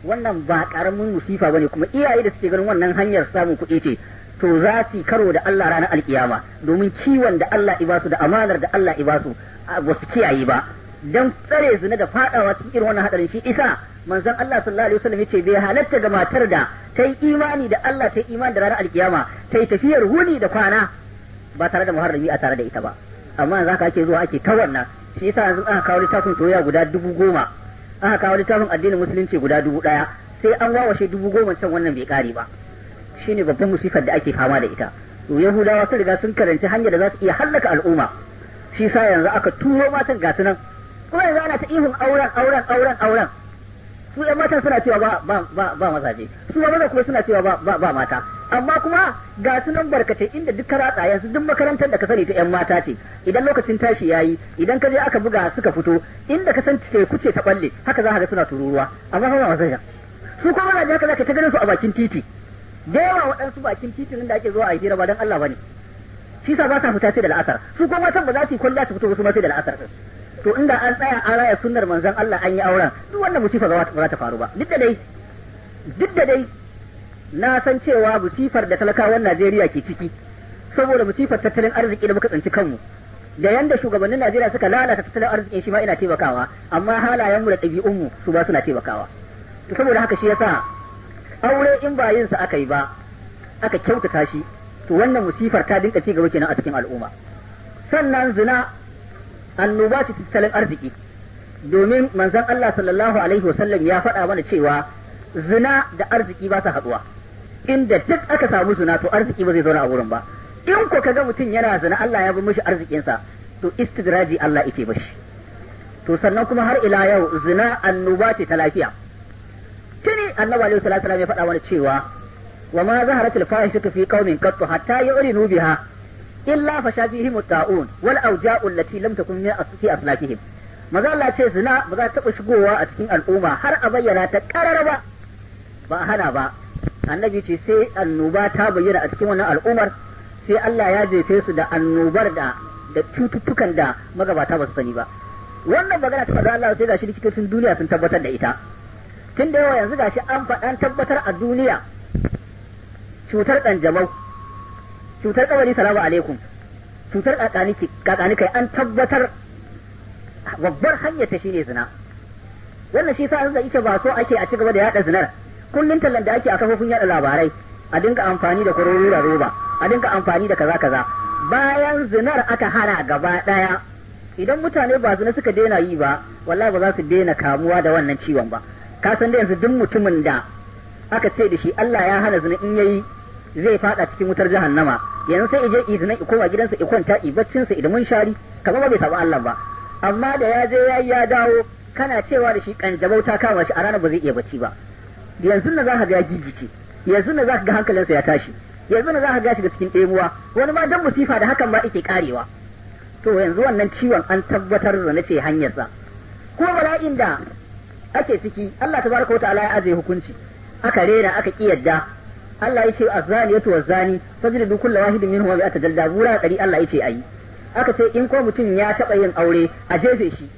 wannan ba karamin musifa bane kuma iyaye da suke ganin wannan hanyar samun kuɗi ce to za su karo da Allah ranar alkiyama domin kiwon da Allah ibasu da amanar da Allah ibasu ba su kiyaye ba dan tsare zina da fadawa cikin irin wannan hadarin shi isa manzon Allah sallallahu alaihi wasallam yace bai halatta ga matar da ta imani da Allah ta yi imani da ranar alkiyama ta tafiyar huni da kwana ba tare da muharrami a tare da ita ba amma yanzu haka ake zuwa ake ta wannan shi yasa yanzu aka kawo littafin soyayya guda dubu goma aka kawo littafin addinin musulunci guda dubu ɗaya sai an wawashe dubu goma can wannan bai kare ba shine babban musifar da ake fama da ita yahudawa sun riga sun karanci hanyar da za su iya hallaka al'umma shi sa yanzu aka turo matan gasu nan kuma yanzu ana ta ihun auren auren auren auren su yan matan suna cewa ba ba ba mazaje su ma maza kuma suna cewa ba ba mata amma kuma ga sunan barkace inda duk ratsa yanzu duk makarantar da ka sani ta yan mata ce idan lokacin tashi yayi idan ka je aka buga suka fito inda ka san teku ce ta balle haka za ka ga suna tururuwa amma fa ba wasan su kuma na haka za ka ta ganin su a bakin titi da yawa waɗansu bakin titin da ake zuwa a hira ba dan Allah bane shi sa ba sa fita sai da la'asar su kuma matan ba za su yi kwalla su fito su ma sai da la'asar to inda an tsaya an raya sunnar manzon Allah an yi auren duk wannan musifa ba za ta faru ba duk da dai duk da dai na san cewa musifar da talakawan Najeriya ke ciki saboda musifar tattalin arziki da muka tsinci kanmu da yanda shugabannin Najeriya suka lalata tattalin arzikin shi ma ina taimakawa amma halayenmu da ɗabi'unmu su ba suna taimakawa saboda haka shi ya sa aure in ba yin sa aka yi ba aka kyautata shi to wannan musifar ta dinka ci gaba kenan a cikin al'umma sannan zina annoba ce tattalin arziki domin manzon Allah sallallahu alaihi wasallam ya faɗa mana cewa zina da arziki ba sa haɗuwa inda duk aka samu suna to arziki ba zai zauna a wurin ba in ko kaga mutum yana zina Allah ya bi mishi arzikinsa to istidraji Allah yake bashi to sannan kuma har ila yau zina annoba ce ta lafiya tuni annabi alaihi salatu wasallam ya faɗa wani cewa wa ma zaharatil fahishatu fi qaumin qattu hatta yu'linu biha illa fashabihim ta'un wal awja'u allati lam takun fi aslafihim maza Allah ce zina ba za ta taɓa shigowa a cikin al'umma har a bayyana ta ƙararra ba ba hana ba annabi ce sai annoba ta bayyana a cikin wannan al'ummar sai Allah ya jefe su da annobar da da cututtukan da magabata ba su sani ba wannan magana ta faɗa Allah sai gashi likitocin duniya sun tabbatar da ita tun da yawa yanzu gashi an faɗan tabbatar a duniya cutar jamau cutar kabari salamu alaikum cutar kakani an tabbatar babbar hanyar ta shine zina wannan shi sa an zai ba so ake a cigaba da yaɗa zinar Kullum tallan da ake a kafofin yada labarai a dinka amfani da kwarorura roba a dinka amfani da kaza kaza bayan zinar aka hana gaba daya idan mutane ba zina suka daina yi ba wallahi ba za su daina kamuwa da wannan ciwon ba ka san da yanzu duk mutumin da aka ce da shi Allah ya hana zina in yayi zai fada cikin wutar jahannama yanzu sai ije izina iko koma gidansa i kwanta i baccin sa idan mun shari kamar ba bai saba Allah ba amma da ya je yayi ya dawo kana cewa da shi kanjabau ta kama shi a ranar ba zai iya bacci ba yanzu na za ka ga gigice yanzu na za ka ga hankalinsa ya tashi yanzu na za ka ga shi ga cikin ɗemuwa wani ma dan musifa da hakan ba yake karewa to yanzu wannan ciwon an tabbatar da ce hanyarsa ko bala'in da ake ciki Allah tabaraka wa ta'ala ya aje hukunci aka rera aka kiyarda Allah ya ce azani yatu fajr du kullu wahidin wa bi'ata jalda bura dari Allah ya ce ayi aka ce in ko mutum ya taba yin aure a jefe shi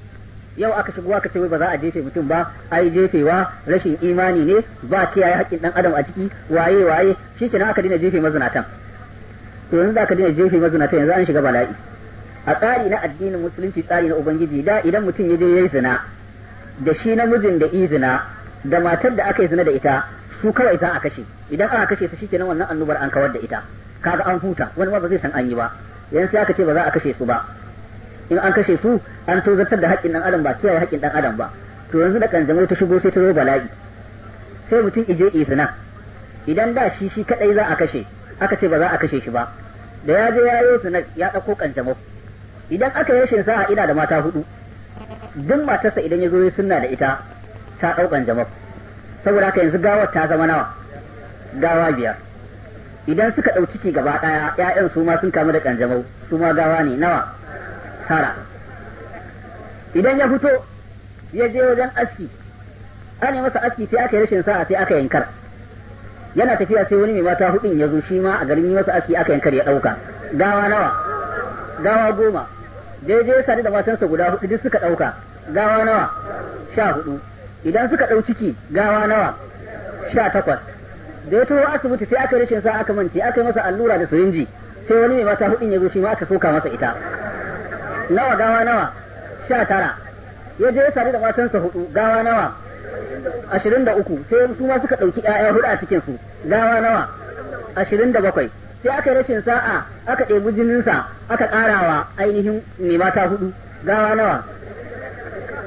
yau aka shigo aka ce wai ba za a jefe mutum ba ai jefewa rashin imani ne ba kiyaye haƙƙin dan adam a ciki waye waye kenan aka dina jefe mazunatan. to yanzu za ka dina jefe mazunatan yanzu an shiga bala'i a tsari na addinin musulunci tsari na ubangiji da idan mutum ya je yayi zina da shi namijin da izina da matar da aka yi zina da ita su kawai za a kashe idan aka kashe su shikenan wannan annubar an kawar da ita kaga an huta wani ma ba zai san an yi ba yanzu sai aka ce ba za a kashe su ba in an kashe su an tozartar da haƙƙin ɗan adam ba kiyaye haƙƙin ɗan adam ba to yanzu da kanjamau ta shigo sai ta zo bala'i sai mutum ije izina idan da shi shi kadai za a kashe aka ce ba za a kashe shi ba da ya je ya yi ya ɗauko kanjamau idan aka yi shin sa'a ina da mata hudu duk matarsa idan ya zo yi sunna da ita ta ɗau kanjamau saboda haka yanzu gawar ta zama nawa gawa biyar idan suka ɗau ciki gaba ɗaya ƴaƴan su ma sun kamu da kanjamau su ma gawa ne nawa asara idan ya fito ya je wajen aski ana masa aski sai aka yi rashin sa'a sai aka yankar yana tafiya sai wani mai mata hudun ya zo shi ma a garin yi masa aski aka yankar ya dauka gawa nawa gawa goma daidai sadu da matansa guda hudu duk suka dauka gawa nawa sha hudu idan suka ɗau ciki gawa nawa sha takwas da ya taho asibiti sai aka rashin sa aka mance aka yi masa allura da sirinji sai wani mai mata hudun ya zo shi ma aka soka masa ita nawa gawa nawa sha tara ya je ya sadu da matansa hudu gawa nawa ashirin da uku sai su ma suka ɗauki ƴaƴa hudu a cikin su gawa nawa ashirin da bakwai sai aka yi rashin sa'a aka ɗebi jininsa aka ƙarawa ainihin mai mata hudu gawa nawa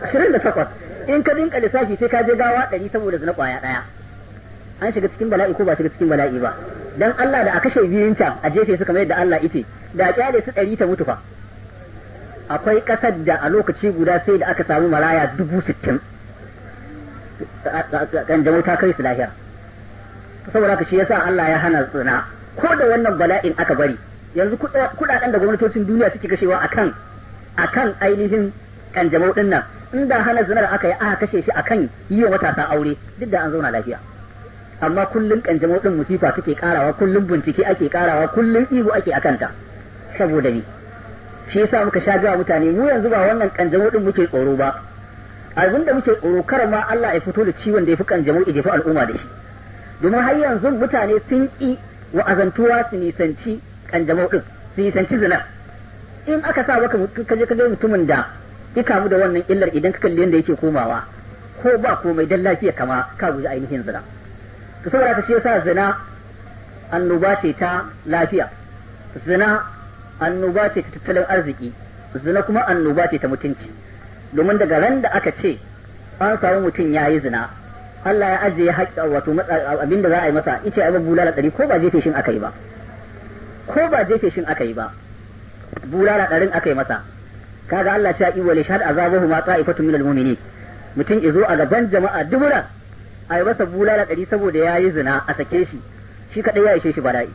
ashirin da takwas in ka dinka lissafi sai ka je gawa ɗari saboda zina ƙwaya ɗaya an shiga cikin bala'i ko ba shiga cikin bala'i ba dan Allah da a kashe biyun can a jefe su kamar yadda Allah ite da a kyale su ɗari ta mutu fa akwai ƙasar da a lokaci guda sai da aka samu maraya dubu sittin jamu ta kai su lahiya saboda ka shi sa Allah ya hana tsina ko da wannan bala'in aka bari yanzu kuɗaɗen da gwamnatocin duniya suke kashewa akan akan ainihin kanjamau ɗin nan inda hana da aka yi aka kashe shi akan yi wa matasa aure duk da an zauna lafiya amma kullum kanjamau ɗin musifa take karawa kullum bincike ake karawa kullum ihu ake akanta saboda ni shi yasa muka sha ga mutane mu yanzu ba wannan kanjamo din muke tsoro ba abinda muke tsoro kar ma Allah ya fito da ciwon da yafi kanjamo ya jefa al'umma da shi domin har yanzu mutane sun ki wa'azantuwa su nisanci kanjamo din su nisanci zina in aka sa baka ka je ka ga mutumin da ya da wannan illar idan ka kalli yadda yake komawa ko ba komai dan lafiya kama ka guji ainihin zina to saboda ka shi yasa zina annoba ce ta lafiya zina annoba ce ta tattalin arziki zina kuma annoba ce ta mutunci domin daga ran da aka ce an samu mutum ya yi zina Allah ya ajiye haƙƙa wato abin da za a yi masa ice a bulala ɗari ko ba jefe shin aka yi ba ko ba jefe shin aka yi ba bulala ɗarin aka yi masa kaga Allah ya iwa lishad azabahu ma ta'ifatun minal mumini mutum izo a gaban jama'a dubura a yi masa bulala ɗari saboda ya yi zina a sake shi shi kaɗai ya ishe shi bala'i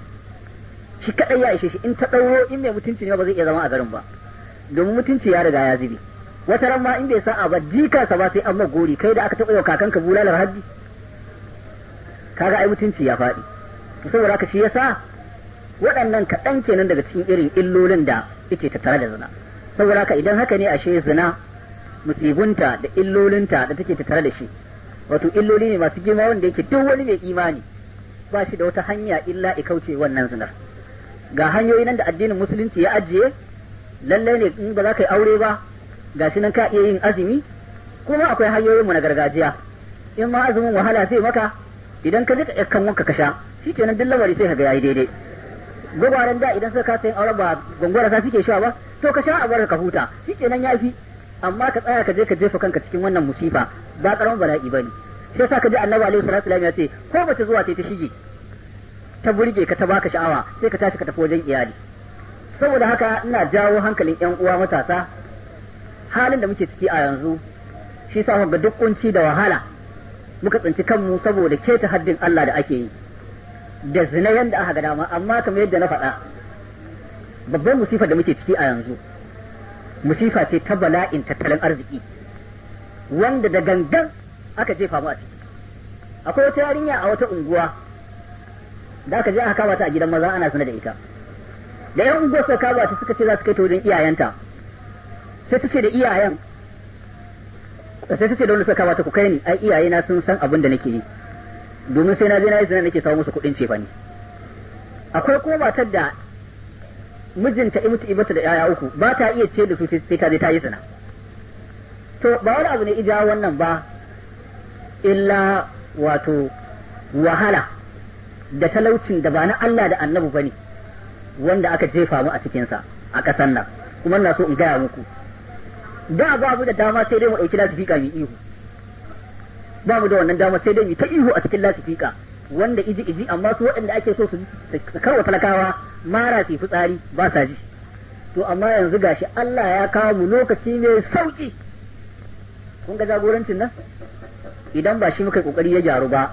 shi kadai ya ishe shi in ta dauro in mai mutunci ne ba zai iya zama a garin ba domin mutunci ya riga ya zubi wata ran ma in bai sa'a ba sa ba sai amma gori kai da aka taɓa yau kakanka bulalar haddi kaga ai mutunci ya faɗi saboda haka shi yasa waɗannan kaɗan kenan daga cikin irin illolin da yake tattare da zina saboda haka idan haka ne ashe zina musibunta da illolinta da take tattare da shi wato illoli ne masu girma wanda yake duk wani mai imani ba shi da wata hanya illa ya kauce wannan zinar ga hanyoyi nan da addinin musulunci ya ajiye lallai ne in ba za ka yi aure ba ga shi nan ka iya yin azumi kuma akwai hanyoyin mu na gargajiya in ma azumin wahala sai maka idan ka jika yakan wanka ka sha shi kenan duk lamari sai ka ga yayi daidai gwagwaren da idan suka kasa yin aure ba gwangwara sa ke sha ba to ka sha a bar ka huta shi kenan ya fi amma ka tsaya ka je ka jefa kanka cikin wannan musifa ba karamin bala'i ne sai sa ka ji annabi alaihi salatu ya ce ko bace zuwa ce ta shige ta burge ka ta baka sha'awa sai ka tashi ka tafi wajen iyali saboda haka ina jawo hankalin yan uwa matasa halin da muke ciki a yanzu shi sa ga duk kunci da wahala muka tsinci kanmu saboda keta haddin Allah da ake yi da zina yanda aka ga dama amma kamar yadda na faɗa babban musifa da muke ciki a yanzu musifa ce ta bala'in tattalin arziki wanda da gangan aka jefa mu a ciki akwai wata yarinya a wata unguwa da aka je aka kama ta a gidan maza ana sanar da ita da yan unguwar suka kama ta suka ce za su kai ta wajen iyayenta sai ta ce da iyayen sai ta ce da wanda suka ta ku kai ni ai iyayena sun san abin da nake yi domin sai na je na yi zina nake samu musu kuɗin cefane akwai kuma matar da mijinta ya ibata da yaya uku ba ta iya ce da su sai ta je ta yi zina to ba wani abu ne ija wannan ba illa wato wahala da talaucin da ba na Allah da annabi bane wanda aka jefa mu a cikinsa a ƙasar nan kuma na so in gaya muku da ba mu da dama sai dai mu ɗauki lasifika mu ihu ba mu da wannan dama sai dai mu ta ihu a cikin lasifika wanda iji iji amma su waɗanda ake so su karwa talakawa mara fi fitsari ba sa ji to amma yanzu gashi Allah ya kawo mu lokaci mai sauki kun ga jagorancin nan idan ba shi muka kokari ya gyaru ba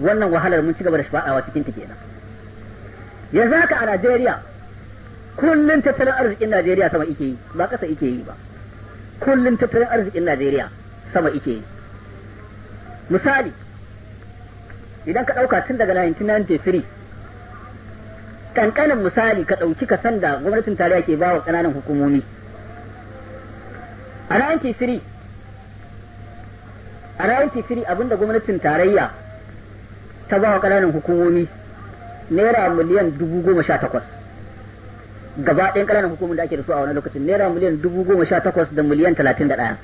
wannan wahalar mun ci gaba da shafawa cikin ta kenan yanzu haka a Najeriya kullun tattalin arzikin Najeriya sama ike yi ba kasa ike yi ba kullun tattalin arzikin Najeriya sama ike yi misali idan ka ɗauka tun daga 1993 kankanin misali ka ɗauki ka sanda gwamnatin tarayya ke ba wa ƙananan hukumomi a 1993 a 93 abinda gwamnatin tarayya ta ba wa ƙananan hukumomi naira miliyan dubu goma sha takwas gaba ɗayan ƙananan hukumomin da ake da su a wani lokacin naira miliyan dubu goma sha takwas da miliyan talatin da ɗaya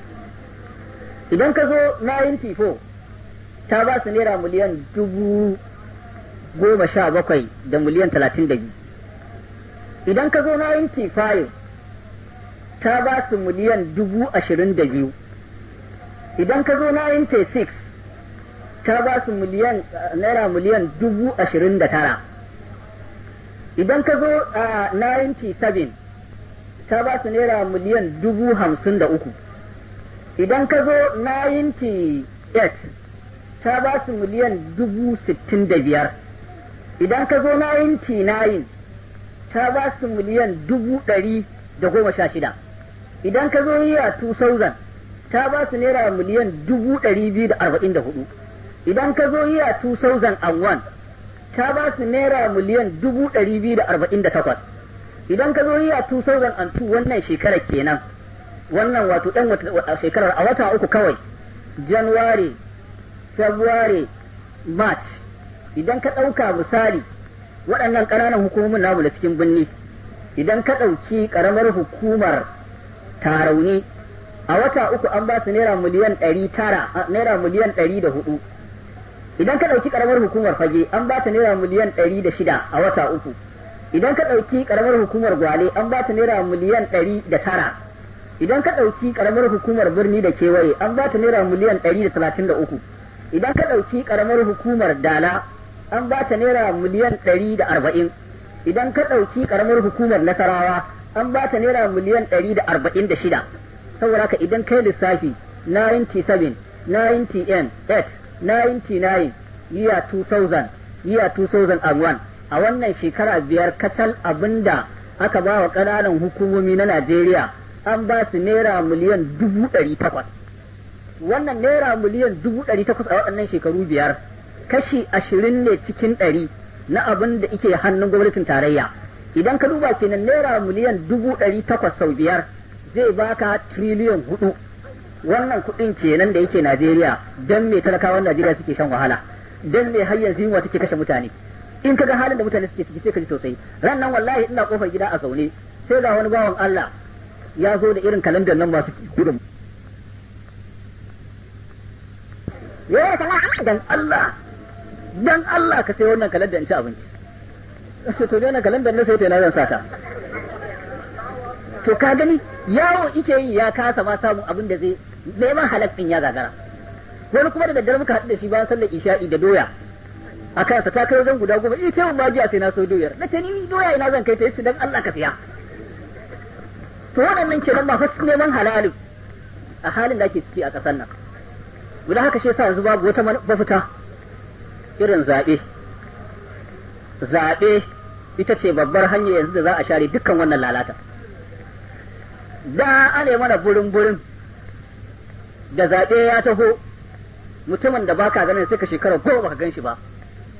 idan ka zo 94 ta ba su naira miliyan dubu goma sha bakwai da miliyan talatin da biyu idan ka zo 95 ta ba su miliyan dubu ashirin da biyu idan ka zo 96 ta ba su miliyan naira miliyan dubu ashirin da tara idan ka zo a 97 ta ba su naira miliyan dubu hamsin da uku idan ka zo 98 ta ba su miliyan dubu sittin da biyar idan ka zo 99 ta ba su miliyan dubu ɗari da goma sha shida idan ka zo yiya 2000 ta ba su naira miliyan dubu ɗari biyu da arba'in da hudu idan ka zo yiya 2001 ta ba su naira miliyan 248 idan ka zo yiya 2002 wannan shekarar kenan wannan wato ɗan shekarar a wata uku kawai januwari february march idan ka ɗauka misali waɗannan ƙananan hukumomin namu da cikin birni idan ka ɗauki ƙaramar hukumar tarauni a wata uku an ba su naira miliyan ɗari tara naira miliyan ɗari da hudu idan ka ɗauki ƙaramar hukumar fage an ba ta naira miliyan ɗari da shida a wata uku idan ka ɗauki ƙaramar hukumar gwale an ba ta naira miliyan ɗari da tara idan ka ɗauki ƙaramar hukumar birni da kewaye an ba ta naira miliyan ɗari da talatin da uku idan ka ɗauki ƙaramar hukumar dala an ba ta naira miliyan ɗari da arba'in idan ka ɗauki ƙaramar hukumar nasarawa an ba ta naira miliyan ɗari da arba'in da shida saboda ka idan kai lissafi 97 98 99 year 2000 year 2001 a wannan shekara biyar kacal abinda aka ba wa ƙananan hukumomi na Najeriya an ba su naira miliyan dubu ɗari takwas wannan naira miliyan dubu ɗari takwas a waɗannan shekaru biyar kashi ashirin ne cikin ɗari na abin da ike hannun gwamnatin tarayya idan ka duba kenan naira miliyan dubu ɗari takwas sau biyar zai baka triliyan hudu wannan kuɗin kenan da yake Najeriya dan me talakawan Najeriya suke shan wahala dan me har yanzu yunwa take kashe mutane in kaga halin da mutane suke ciki sai ka ji tausayi ran nan wallahi ina kofar gida a zaune sai ga wani bawan Allah ya zo da irin kalandar nan masu gudun ya sana'a dan Allah dan Allah ka sai wannan kalandar in ci abinci sai to wannan kalandar na sai ta na zan sata to ka gani yawo ike yi ya kasa ma samun abin da zai neman halakkin ya gagara wani kuma da daddare muka haɗu da shi ba sallar isha'i da doya a kansa ta kai wajen guda goma eh, ita yau ma jiya sai na so doyar na ce ni doya ina zan kai ta yace dan Allah ka siya to wannan ce nan ba fa neman halalin a halin da ake ciki a ƙasar nan guda haka shi yasa yanzu babu wata mafita irin zaɓe zaɓe ita ce babbar hanya yanzu da za a share dukkan wannan lalata da nema mana burin burin da zaɓe ya taho mutumin da baka ganin sai ka shekara goma baka gan shi ba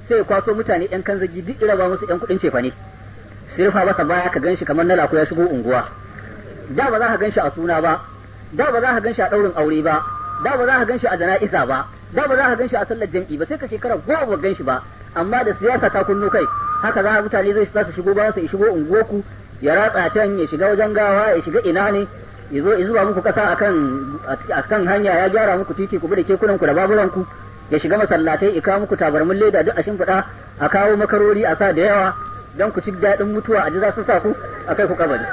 sai ya kwaso mutane yan kanzagi duk iraba musu yan kuɗin cefane sai rufa masa baya ka gan shi kamar na lako ya shigo unguwa da ba za ka gan shi a suna ba da ba za ka gan shi a ɗaurin aure ba da ba za ka gan shi a jana'iza ba da ba za ka gan shi a sallar jam'i ba sai ka shekara goma ba gan shi ba amma da siyasa ta kunno kai haka za mutane zai za su shigo ba su shigo unguwarku ya ratsa can ya shiga wajen gawa ya shiga ina ne yazo ya zuba muku kasa akan akan hanya ya gyara muku titi ku bude kekunan ku da baburan ku ya shiga masallatai ya kawo muku tabarmin leda duk a shimfiɗa a kawo makarori a sa da yawa don ku ci daɗin mutuwa a ji za su sa ku a kai ku kabari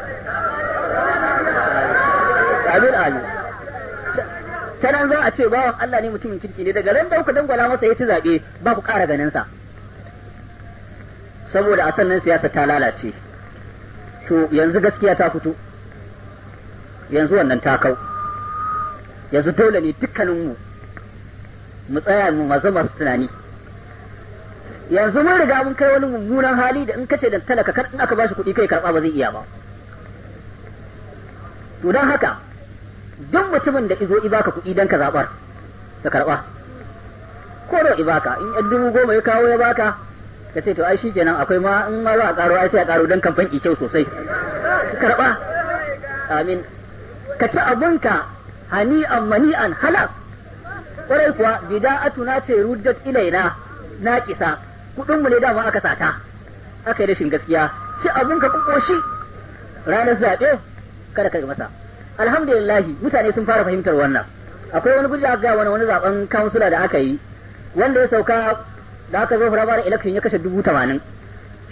Amin amin ta nan za a ce bawan Allah ne mutumin kirki ne daga ran ku dangwala masa ya ci zaɓe ba ku ƙara ganin sa saboda a sannan siyasa ta lalace to yanzu gaskiya ta fito yanzu wannan ta kau yanzu dole ne dukkaninmu mu tsaya mu mazu masu tunani yanzu mun riga mun kai wani mummunan hali da in kace da talaka kar in aka bashi kuɗi kai karɓa ba zai iya ba to don haka duk mutumin da izo ibaka kuɗi dan ka zaɓar ka karɓa ko da ibaka in yan dubu goma ya kawo ya baka ka ce to ai shikenan akwai ma in ma za a karo ai sai a karo dan kamfan kyau sosai karɓa amin ka ci abinka mani an hala kwarai kuwa atuna ce ruddat ilaina kisa kudin mu ne dama aka sata aka yi rashin gaskiya ci abinka kukoshi ranar zaɓe kada kai masa alhamdulillah mutane sun fara fahimtar wannan akwai wani gudu aka wani wani zaben kansula da aka yi wanda ya sauka da aka zo firamare election ya kashe dubu tamanin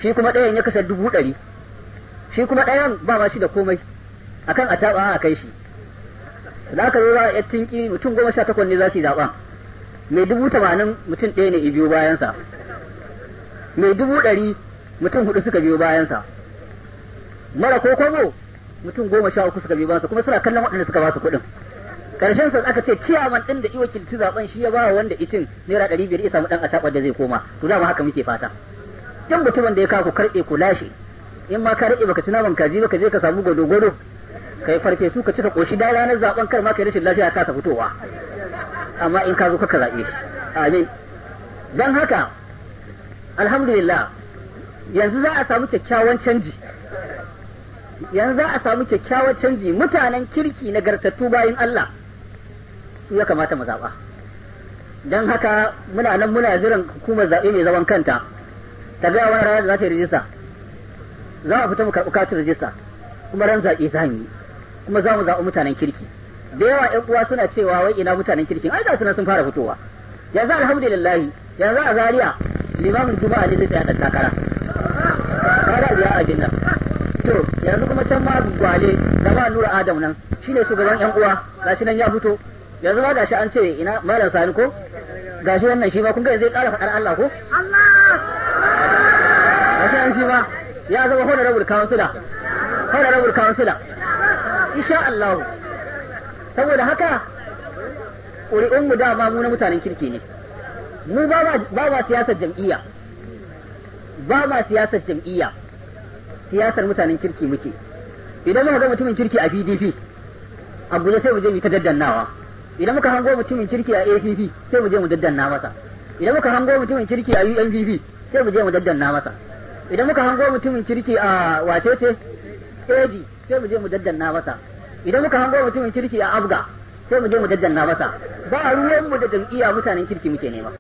shi kuma ɗayan ya kashe dubu ɗari shi kuma ɗayan ba ma shi da komai akan a taɓa a kai shi da aka zo za a tinki mutum goma sha takwas ne za su yi mai dubu tamanin mutum ɗaya ne biyo bayansa mai dubu ɗari mutum hudu suka biyo bayansa mara ko kwazo mutum goma sha uku suka biyo bayansa kuma suna kallon waɗanda suka ba su kuɗin karshen sa aka ce ciyaman ɗin da iwakilci zaɓen shi ya ba wanda icin naira ɗari biyar ya samu ɗan a da zai koma to dama haka muke fata dan mutumin da ya kawo ku karɓe ku lashe in ma ka rike baka ci naman kaji baka je ka samu gwado-gwado kai farke su ka cika koshi da ranar zaben kar ma kai rashin lafiya kasa fitowa amma in ka zo ka zaɓe shi amin dan haka alhamdulillah yanzu za a samu kyakkyawan canji yanzu za a samu kyakkyawan canji mutanen kirki nagartattu bayan Allah su ya kamata mu zaɓa don haka muna nan muna jiran hukumar zaɓe mai zaman kanta ta gaya wani rana da za ta yi rijista za a fita mu karɓi katin rijista kuma ran zaɓe za mu yi kuma za mu zaɓi mutanen kirki da yawa ƴan uwa suna cewa wai ina mutanen kirkin ai ga suna sun fara fitowa yanzu alhamdulillah yanzu a Zariya limamin juma'a ne zai tsaya takara kada biya a jinnan to yanzu kuma can ma gwale gaba nura adam nan shine shugaban ƴan uwa gashi nan ya fito yanzu ma gashi an ce ina malam sani ko gashi wannan shi ma kun ga zai ƙara faɗar Allah ko Allah gashi an shi ma ya zama honorable councilor honorable councilor insha Allah saboda haka da dama mu na mutanen kirki ne mu ba ba siyasar jam'iyya ba ba siyasar jam'iyya siyasar mutanen kirki muke idan muka ga mutumin kirki a PDP a guje sai mu je mu ta daddannawa idan muka hango mutumin kirki a APP sai mu je mu daddanna masa idan muka hango mutumin kirki a UNPP sai mu je mu daddanna masa idan muka hango mutumin kirki a wacece AD sai mu je mu daddanna masa idan muka hango mutumin kirki a abga sai mu je mu daddanna masa ba ruwan mu da jam'iyya mutanen kirki muke nema